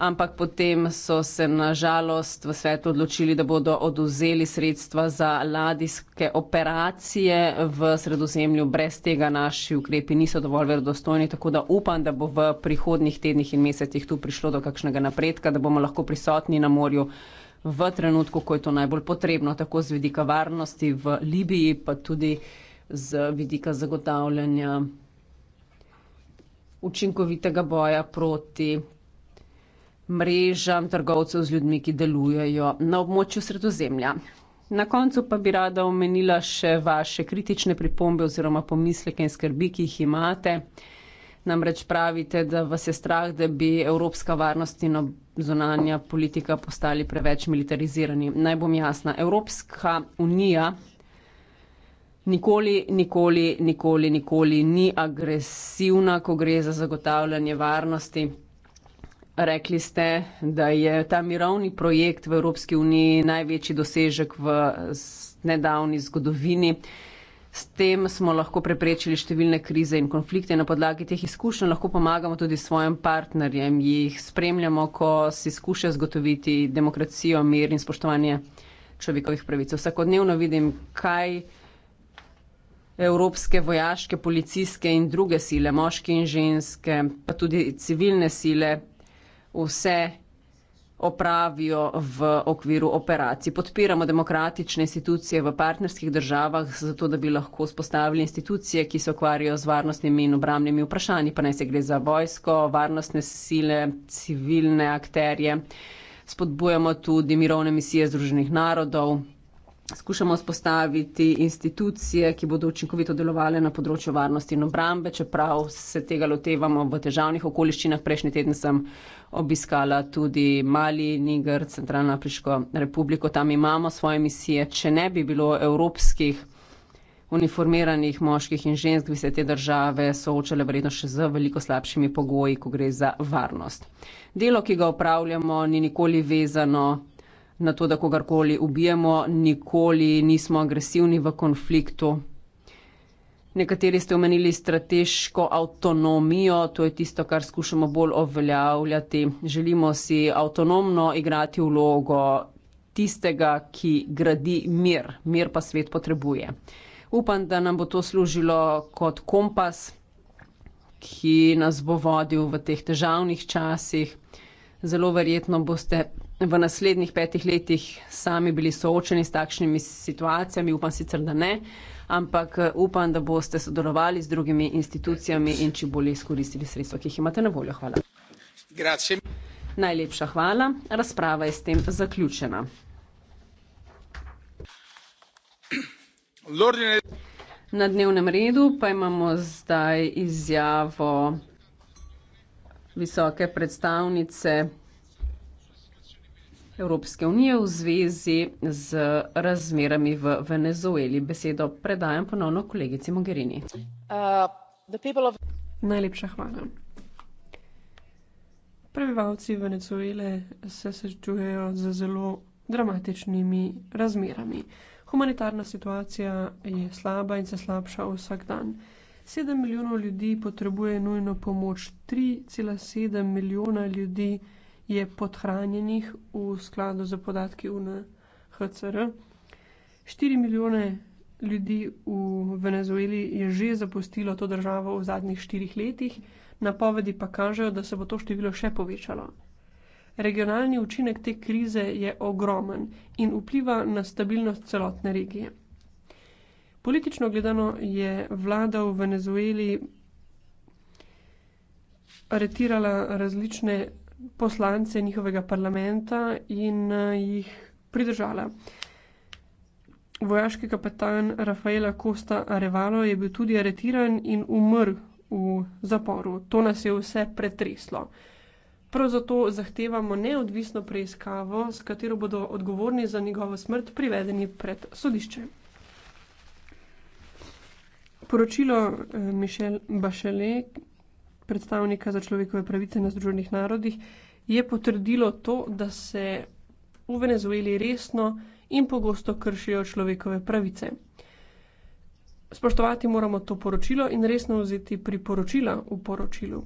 ampak potem so se nažalost v svetu odločili, da bodo oduzeli sredstva za ladijske operacije v sredozemlju. Brez tega naši ukrepi niso dovolj verodostojni, tako da upam, da bo v prihodnjih tednih in mesecih tu prišlo do kakšnega napredka, da bomo lahko prisotni na morju v trenutku, ko je to najbolj potrebno, tako z vidika varnosti v Libiji, pa tudi z vidika zagotavljanja učinkovitega boja proti mrežam trgovcev z ljudmi, ki delujejo na območju sredozemlja. Na koncu pa bi rada omenila še vaše kritične pripombe oziroma pomisleke in skrbi, ki jih imate. Namreč pravite, da vas je strah, da bi evropska varnost in zunanja politika postali preveč militarizirani. Naj bom jasna, Evropska unija nikoli, nikoli, nikoli, nikoli ni agresivna, ko gre za zagotavljanje varnosti. Rekli ste, da je ta mirovni projekt v Evropski uniji največji dosežek v nedavni zgodovini. S tem smo lahko preprečili številne krize in konflikte na podlagi teh izkušenj, lahko pomagamo tudi svojim partnerjem, jih spremljamo, ko si skušajo zgotoviti demokracijo, mir in spoštovanje človekovih pravic. Vsakodnevno vidim, kaj evropske vojaške, policijske in druge sile, moški in ženske, pa tudi civilne sile vse opravijo v okviru operacij. Podpiramo demokratične institucije v partnerskih državah, zato da bi lahko spostavili institucije, ki se okvarjajo z varnostnimi in obramnimi vprašanji, pa naj se gre za vojsko, varnostne sile, civilne akterje. Spodbujamo tudi mirovne misije Združenih narodov, Skušamo spostaviti institucije, ki bodo učinkovito delovali na področju varnosti in obrambe, čeprav se tega lotevamo v težavnih okoliščinah. Prejšnji teden sem obiskala tudi Mali, Niger, Centralno Afriško republiko, tam imamo svoje misije. Če ne bi bilo evropskih uniformiranih moških in žensk, bi se te države soočale verjetno še z veliko slabšimi pogoji, ko gre za varnost. Delo, ki ga upravljamo, ni nikoli vezano na to, da kogarkoli ubijemo, nikoli nismo agresivni v konfliktu. Nekateri ste omenili strateško avtonomijo, to je tisto, kar skušamo bolj obveljavljati. Želimo si avtonomno igrati vlogo tistega, ki gradi mir. Mir pa svet potrebuje. Upam, da nam bo to služilo kot kompas, ki nas bo vodil v teh težavnih časih. Zelo verjetno boste v naslednjih petih letih sami bili soočeni s takšnimi situacijami, upam sicer, da ne, ampak eh, upam, da boste sodelovali z drugimi institucijami in če bolje izkoristili sredstva, ki jih imate na voljo. Hvala. Grazie. Najlepša hvala. Razprava je s tem zaključena. Na dnevnem redu pa imamo zdaj izjavo visoke predstavnice. Evropske unije v zvezi z razmerami v Venezueli. Besedo predajam ponovno kolegici Mogherini. Uh, of... Najlepša hvala. Prebivalci Venezuele se srečujejo z zelo dramatičnimi razmerami. Humanitarna situacija je slaba in se slabša vsak dan. 7 milijonov ljudi potrebuje nujno pomoč, 3,7 milijona ljudi je podhranjenih v skladu z podatki UNHCR. 4 milijone ljudi v Venezueli je že zapustilo to državo v zadnjih štirih letih, napovedi pa kažejo, da se bo to število še povečalo. Regionalni učinek te krize je ogromen in vpliva na stabilnost celotne regije. Politično gledano je vlada v Venezueli aretirala različne poslance njihovega parlamenta in eh, jih pridržala. Vojaški kapetan Rafaela Costa Arevalo je bil tudi aretiran in umrl v zaporu. To nas je vse pretreslo. Prav zato zahtevamo neodvisno preiskavo, s katero bodo odgovorni za njegovo smrt privedeni pred sodišče. Poročilo eh, Michel Bachelet, predstavnika za človekove pravice na Združenih narodih, je potrdilo to, da se v Venezueli resno in pogosto kršijo človekove pravice. Spoštovati moramo to poročilo in resno vzeti priporočila v poročilu.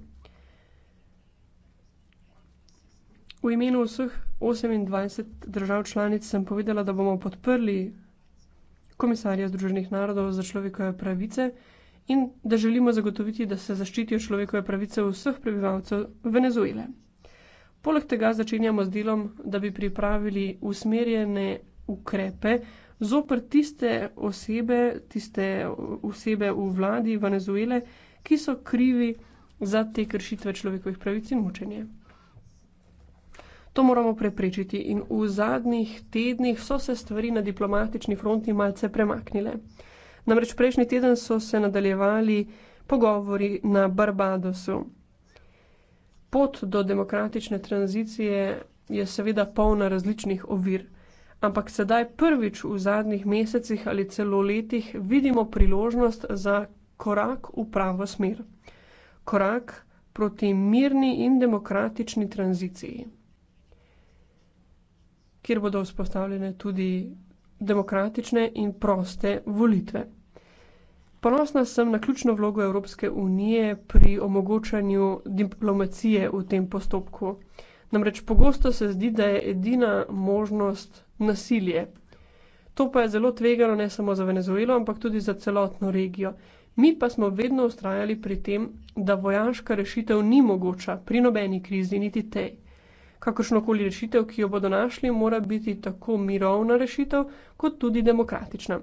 V imenu vseh 28 držav članic sem povedala, da bomo podprli komisarja Združenih narodov za človekove pravice in da želimo zagotoviti, da se zaščitijo človekove pravice vseh prebivalcev Venezuele. Poleg tega začenjamo z delom, da bi pripravili usmerjene ukrepe zopr tiste osebe, tiste osebe v vladi Venezuele, ki so krivi za te kršitve človekovih pravic in mučenje. To moramo preprečiti in v zadnjih tednih so se stvari na diplomatični fronti malce premaknile. Namreč prejšnji teden so se nadaljevali pogovori na Barbadosu. Pot do demokratične tranzicije je seveda polna različnih ovir, ampak sedaj prvič v zadnjih mesecih ali celo letih vidimo priložnost za korak v pravo smer. Korak proti mirni in demokratični tranziciji, kjer bodo vzpostavljene tudi demokratične in proste volitve. Ponosna sem na ključno vlogo Evropske unije pri omogočanju diplomacije v tem postopku. Namreč pogosto se zdi, da je edina možnost nasilje. To pa je zelo tvegano ne samo za Venezuelo, ampak tudi za celotno regijo. Mi pa smo vedno ustrajali pri tem, da vojaška rešitev ni mogoča pri nobeni krizi, niti tej. Kakršnokoli rešitev, ki jo bodo našli, mora biti tako mirovna rešitev, kot tudi demokratična.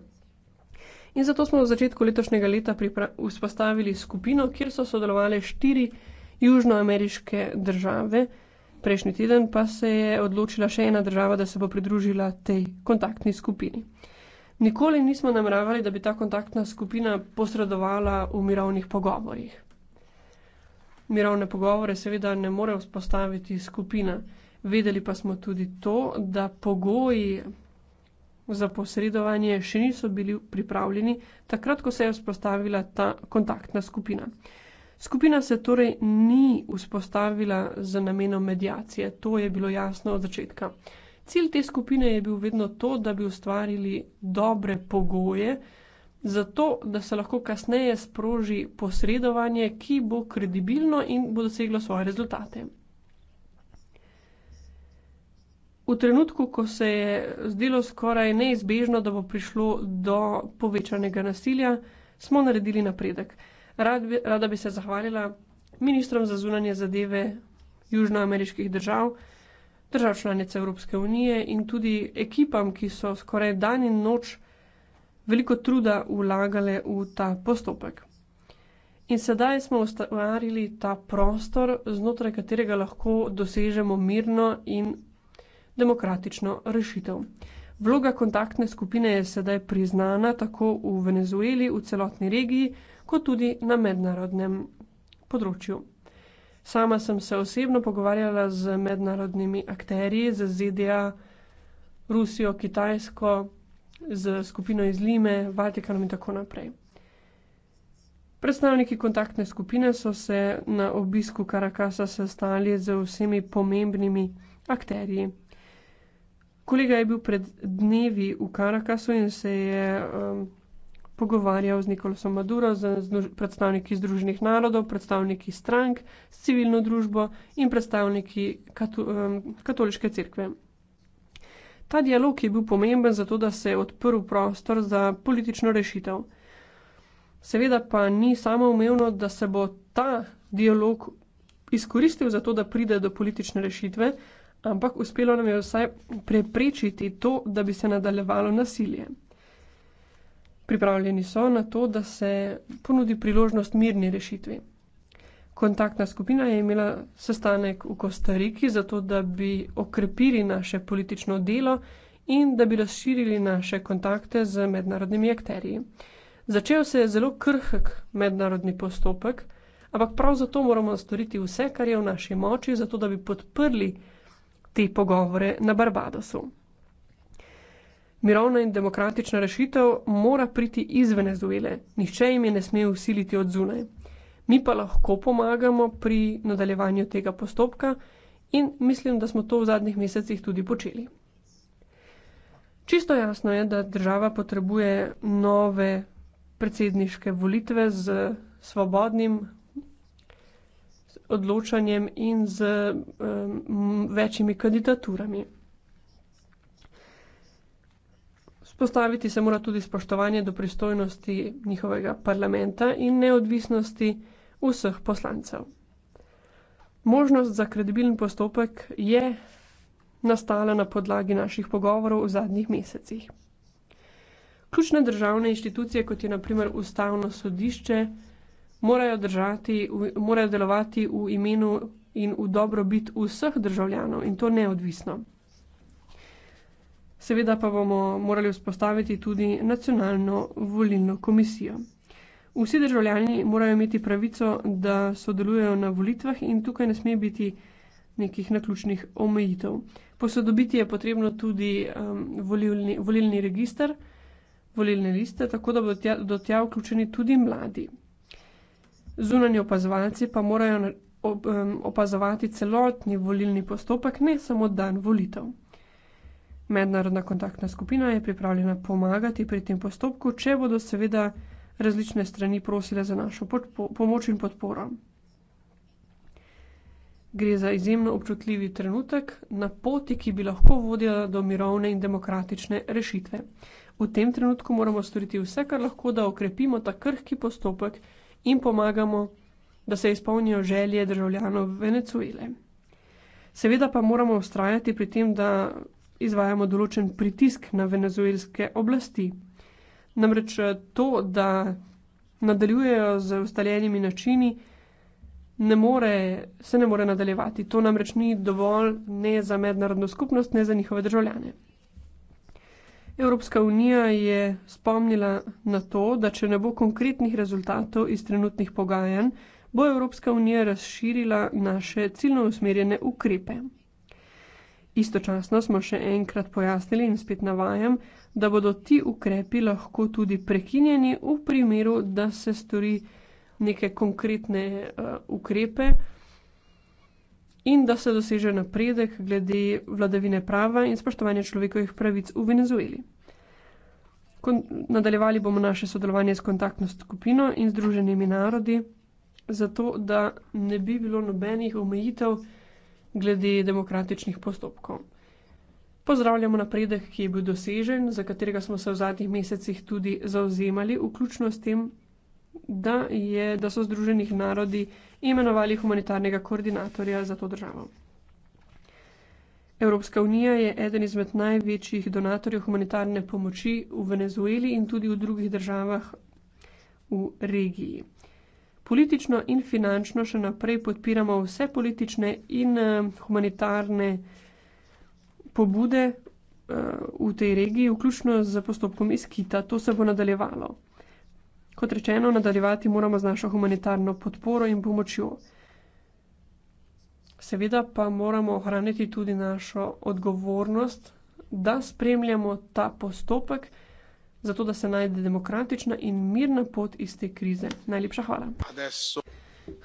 In zato smo v začetku letošnjega leta vzpostavili skupino, kjer so sodelovali štiri južnoameriške države. Prejšnji teden pa se je odločila še ena država, da se bo pridružila tej kontaktni skupini. Nikoli nismo nameravali, da bi ta kontaktna skupina posredovala v mirovnih pogovorjih mirovne pogovore seveda ne more vzpostaviti skupina. Vedeli pa smo tudi to, da pogoji za posredovanje še niso bili pripravljeni, takrat, ko se je vzpostavila ta kontaktna skupina. Skupina se torej ni vzpostavila za namenom medijacije, to je bilo jasno od začetka. Cilj te skupine je bil vedno to, da bi ustvarili dobre pogoje, zato da se lahko kasneje sproži posredovanje, ki bo kredibilno in bo doseglo svoje rezultate. V trenutku, ko se je zdelo skoraj neizbežno, da bo prišlo do povečanega nasilja, smo naredili napredek. Rad bi, rada bi se zahvalila ministrom za zunanje zadeve južnoameriških držav, držav članic Evropske unije in tudi ekipam, ki so skoraj dan in noč veliko truda vlagale v ta postopek. In sedaj smo ustvarili ta prostor, znotraj katerega lahko dosežemo mirno in demokratično rešitev. Vloga kontaktne skupine je sedaj priznana tako v Venezueli, v celotni regiji, kot tudi na mednarodnem področju. Sama sem se osebno pogovarjala z mednarodnimi akterji, z ZDA, Rusijo, Kitajsko, z skupino iz Lime, Vatikanom in tako naprej. Predstavniki kontaktne skupine so se na obisku Karakasa sestali z vsemi pomembnimi akterji. Kolega je bil pred dnevi v Karakasu in se je um, pogovarjal z Nikolasom Maduro, z predstavniki Združenih narodov, predstavniki strank, civilno družbo in predstavniki katu, um, katoliške crkve. Ta dialog je bil pomemben zato, da se je odprl prostor za politično rešitev. Seveda pa ni samo umevno, da se bo ta dialog izkoristil za to, da pride do politične rešitve, ampak uspelo nam je vsaj preprečiti to, da bi se nadaljevalo nasilje. Pripravljeni so na to, da se ponudi priložnost mirni rešitvi kontaktna skupina je imela sestanek v Kostariki, zato da bi okrepili naše politično delo in da bi razširili naše kontakte z mednarodnimi akterji. Začel se je zelo krhek mednarodni postopek, ampak prav zato moramo storiti vse, kar je v naši moči, zato da bi podprli te pogovore na Barbadosu. Mirovna in demokratična rešitev mora priti iz Venezuele. Nihče jim je ne sme usiliti od zunaj mi pa lahko pomagamo pri nadaljevanju tega postopka in mislim, da smo to v zadnjih mesecih tudi počeli. Čisto jasno je, da država potrebuje nove predsedniške volitve z svobodnim odločanjem in z um, večjimi kandidaturami. Spostaviti se mora tudi spoštovanje do pristojnosti njihovega parlamenta in neodvisnosti vseh poslancev. Možnost za kredibilen postopek je nastala na podlagi naših pogovorov v zadnjih mesecih. Ključne državne inštitucije, kot je naprimer ustavno sodišče, morajo, držati, morajo delovati v imenu in v dobrobit vseh državljanov in to neodvisno. Seveda pa bomo morali vzpostaviti tudi nacionalno volilno komisijo. Vsi državljani morajo imeti pravico, da sodelujejo na volitvah in tukaj ne sme biti nekih naključnih omejitev. Posodobiti je potrebno tudi um, volilni, volilni register, volilne liste, tako da bodo tja, do tja vključeni tudi mladi. Zunanji opazovalci pa morajo ob, um, opazovati celotni volilni postopek, ne samo dan volitev. Mednarodna kontaktna skupina je pripravljena pomagati pri tem postopku, če bodo seveda različne strani prosile za našo pomoč in podporo. Gre za izjemno občutljivi trenutek na poti, ki bi lahko vodila do mirovne in demokratične rešitve. V tem trenutku moramo storiti vse, kar lahko, da okrepimo ta krhki postopek in pomagamo, da se izpolnijo želje državljanov Venezuele. Seveda pa moramo ustrajati pri tem, da izvajamo določen pritisk na venezuelske oblasti. Namreč eh, to, da nadaljujejo z ustaljenimi načini, ne more, se ne more nadaljevati. To namreč ni dovolj ne za mednarodno skupnost, ne za njihove državljane. Evropska unija je spomnila na to, da če ne bo konkretnih rezultatov iz trenutnih pogajanj, bo Evropska unija razširila naše ciljno usmerjene ukrepe. Istočasno smo še enkrat pojasnili in spet navajam, da bodo ti ukrepi lahko tudi prekinjeni v primeru, da se stori neke konkretne uh, ukrepe in da se doseže napredek glede vladavine prava in spoštovanja človekovih pravic v Venezueli. Kon nadaljevali bomo naše sodelovanje s kontaktno skupino in združenimi narodi, zato da ne bi bilo nobenih omejitev glede demokratičnih postopkov. Pozdravljamo napredek, ki je bil dosežen, za katerega smo se v zadnjih mesecih tudi zauzemali, vključno s tem, da, je, da so Združenih narodi imenovali humanitarnega koordinatorja za to državo. Evropska unija je eden izmed največjih donatorjev humanitarne pomoči v Venezueli in tudi v drugih državah v regiji. Politično in finančno še naprej podpiramo vse politične in eh, humanitarne pobude eh, v tej regiji, vključno z postopkom izkita, to se bo nadaljevalo. Kot rečeno, nadaljevati moramo z našo humanitarno podporo in pomočjo. Seveda pa moramo ohraniti tudi našo odgovornost, da spremljamo ta postopek, zato da se najde demokratična in mirna pot iz te krize. Najlepša hvala.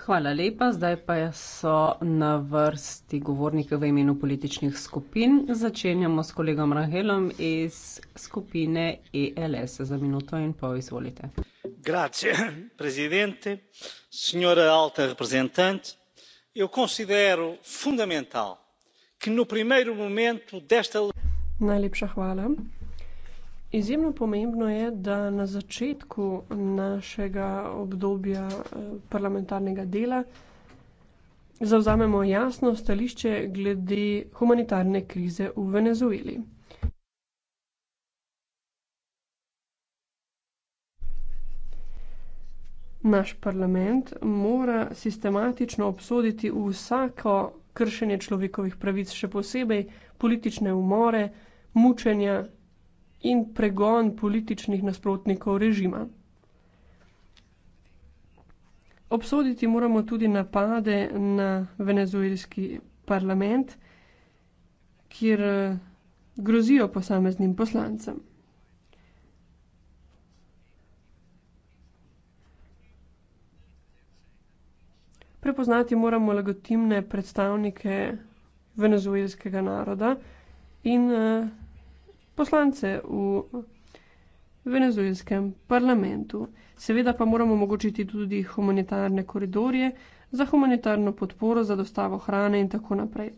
Hvala lepa. Zdaj pa so na vrsti govorniki v imenu političnih skupin. Začenjamo s kolegom Rahelom iz skupine ELS. Za minuto in pol izvolite. Grazie, presidente, signora alta representante. Eu considero fundamental que no primeiro momento desta. Najlepša hvala. Izjemno pomembno je, da na začetku našega obdobja eh, parlamentarnega dela zauzamemo jasno stališče glede humanitarne krize v Venezueli. Naš parlament mora sistematično obsoditi vsako kršenje človekovih pravic, še posebej politične umore, mučenja, in pregon političnih nasprotnikov režima. Obsoditi moramo tudi napade na venezuelski parlament, kjer eh, grozijo posameznim poslancem. Prepoznati moramo legitimne predstavnike venezuelskega naroda in uh, poslance v venezuelskem parlamentu. Seveda pa moramo omogočiti tudi humanitarne koridorje za humanitarno podporo, za dostavo hrane in tako naprej.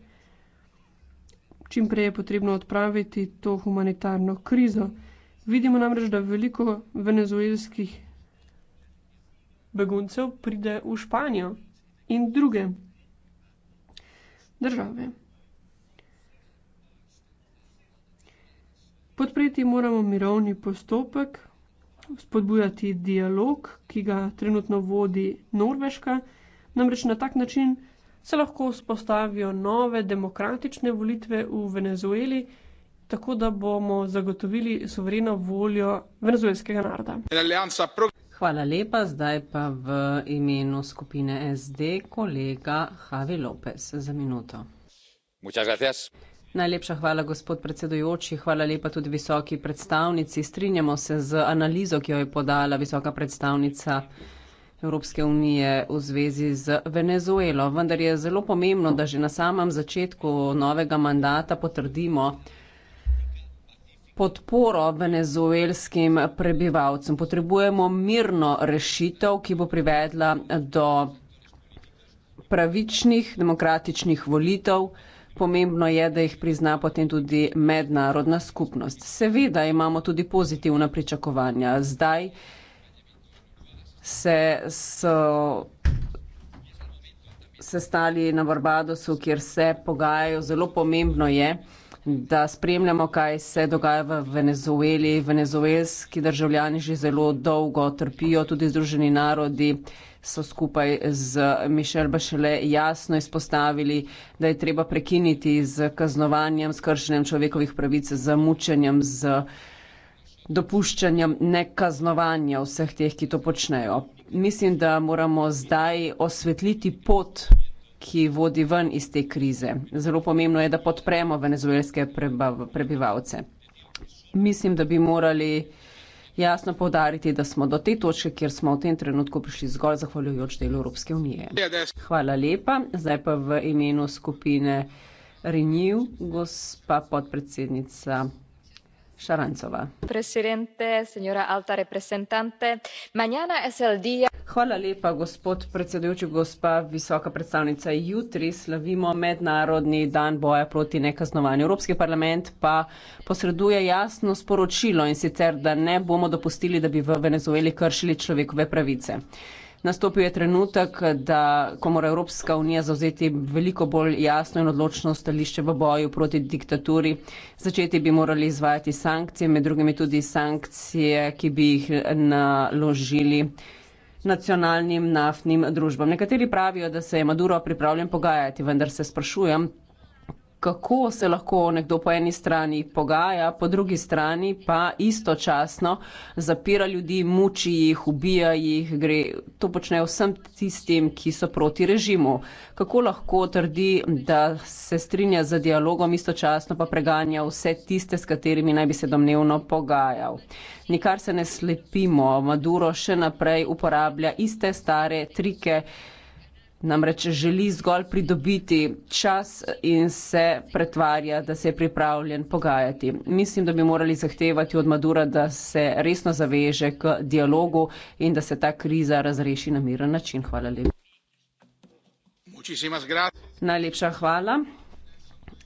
Čim prej je potrebno odpraviti to humanitarno krizo. Vidimo namreč, da veliko venezuelskih beguncev pride v Španijo in druge države. Podpreti moramo mirovni postopek, spodbujati dialog, ki ga trenutno vodi Norveška, namreč na tak način se lahko spostavijo nove demokratične volitve v Venezueli, tako da bomo zagotovili sovereno voljo venezuelskega naroda. Hvala lepa, zdaj pa v imenu skupine SD kolega Javi Lopez za minuto. Najlepša hvala, gospod predsedujoči. Hvala lepa tudi visoki predstavnici. Strinjamo se z analizo, ki jo je podala visoka predstavnica Evropske unije v zvezi z Venezuelo. Vendar je zelo pomembno, da že na samem začetku novega mandata potrdimo podporo venezuelskim prebivalcem. Potrebujemo mirno rešitev, ki bo privedla do pravičnih demokratičnih volitev, pomembno je, da jih prizna potem tudi mednarodna skupnost. Seveda imamo tudi pozitivna pričakovanja. Zdaj se so sestali na Barbadosu, kjer se pogajajo. Zelo pomembno je, da spremljamo, kaj se dogaja v Venezueli. Venezuelski državljani že zelo dolgo trpijo, tudi Združeni narodi so skupaj z Mišel Bašele jasno izpostavili, da je treba prekiniti z kaznovanjem, s kršenjem človekovih pravic, z mučenjem, z dopuščanjem nekaznovanja vseh teh, ki to počnejo. Mislim, da moramo zdaj osvetliti pot, ki vodi ven iz te krize. Zelo pomembno je, da podpremo venezuelske prebivalce. Mislim, da bi morali jasno povdariti, da smo do te točke, kjer smo v tem trenutku prišli zgolj zahvaljujoč delu Evropske unije. Hvala lepa. Zdaj pa v imenu skupine Renew, gospa podpredsednica Šarancova. Presidente, signora alta representante, mañana es el día. Hvala lepa, gospod predsedujoči, gospa visoka predstavnica. Jutri slavimo mednarodni dan boja proti nekaznovanju. Evropski parlament pa posreduje jasno sporočilo in sicer, da ne bomo dopustili, da bi v Venezueli kršili človekove pravice. Nastopil je trenutek, da ko mora Evropska unija zauzeti veliko bolj jasno in odločno stališče v boju proti diktaturi, začeti bi morali izvajati sankcije, med drugimi tudi sankcije, ki bi jih naložili nacionalnim naftnim družbam. Nekateri pravijo, da se je Maduro pripravljen pogajati, vendar se sprašujem, kako se lahko nekdo po eni strani pogaja, po drugi strani pa istočasno zapira ljudi, muči jih, ubija jih, gre. to počne vsem tistim, ki so proti režimu. Kako lahko trdi, da se strinja z dialogom, istočasno pa preganja vse tiste, s katerimi naj bi se domnevno pogajal. Nikar se ne slepimo, Maduro še naprej uporablja iste stare trike namreč želi zgolj pridobiti čas in se pretvarja, da se je pripravljen pogajati. Mislim, da bi morali zahtevati od Madura, da se resno zaveže k dialogu in da se ta kriza razreši na miren način. Hvala lepa. Najlepša hvala.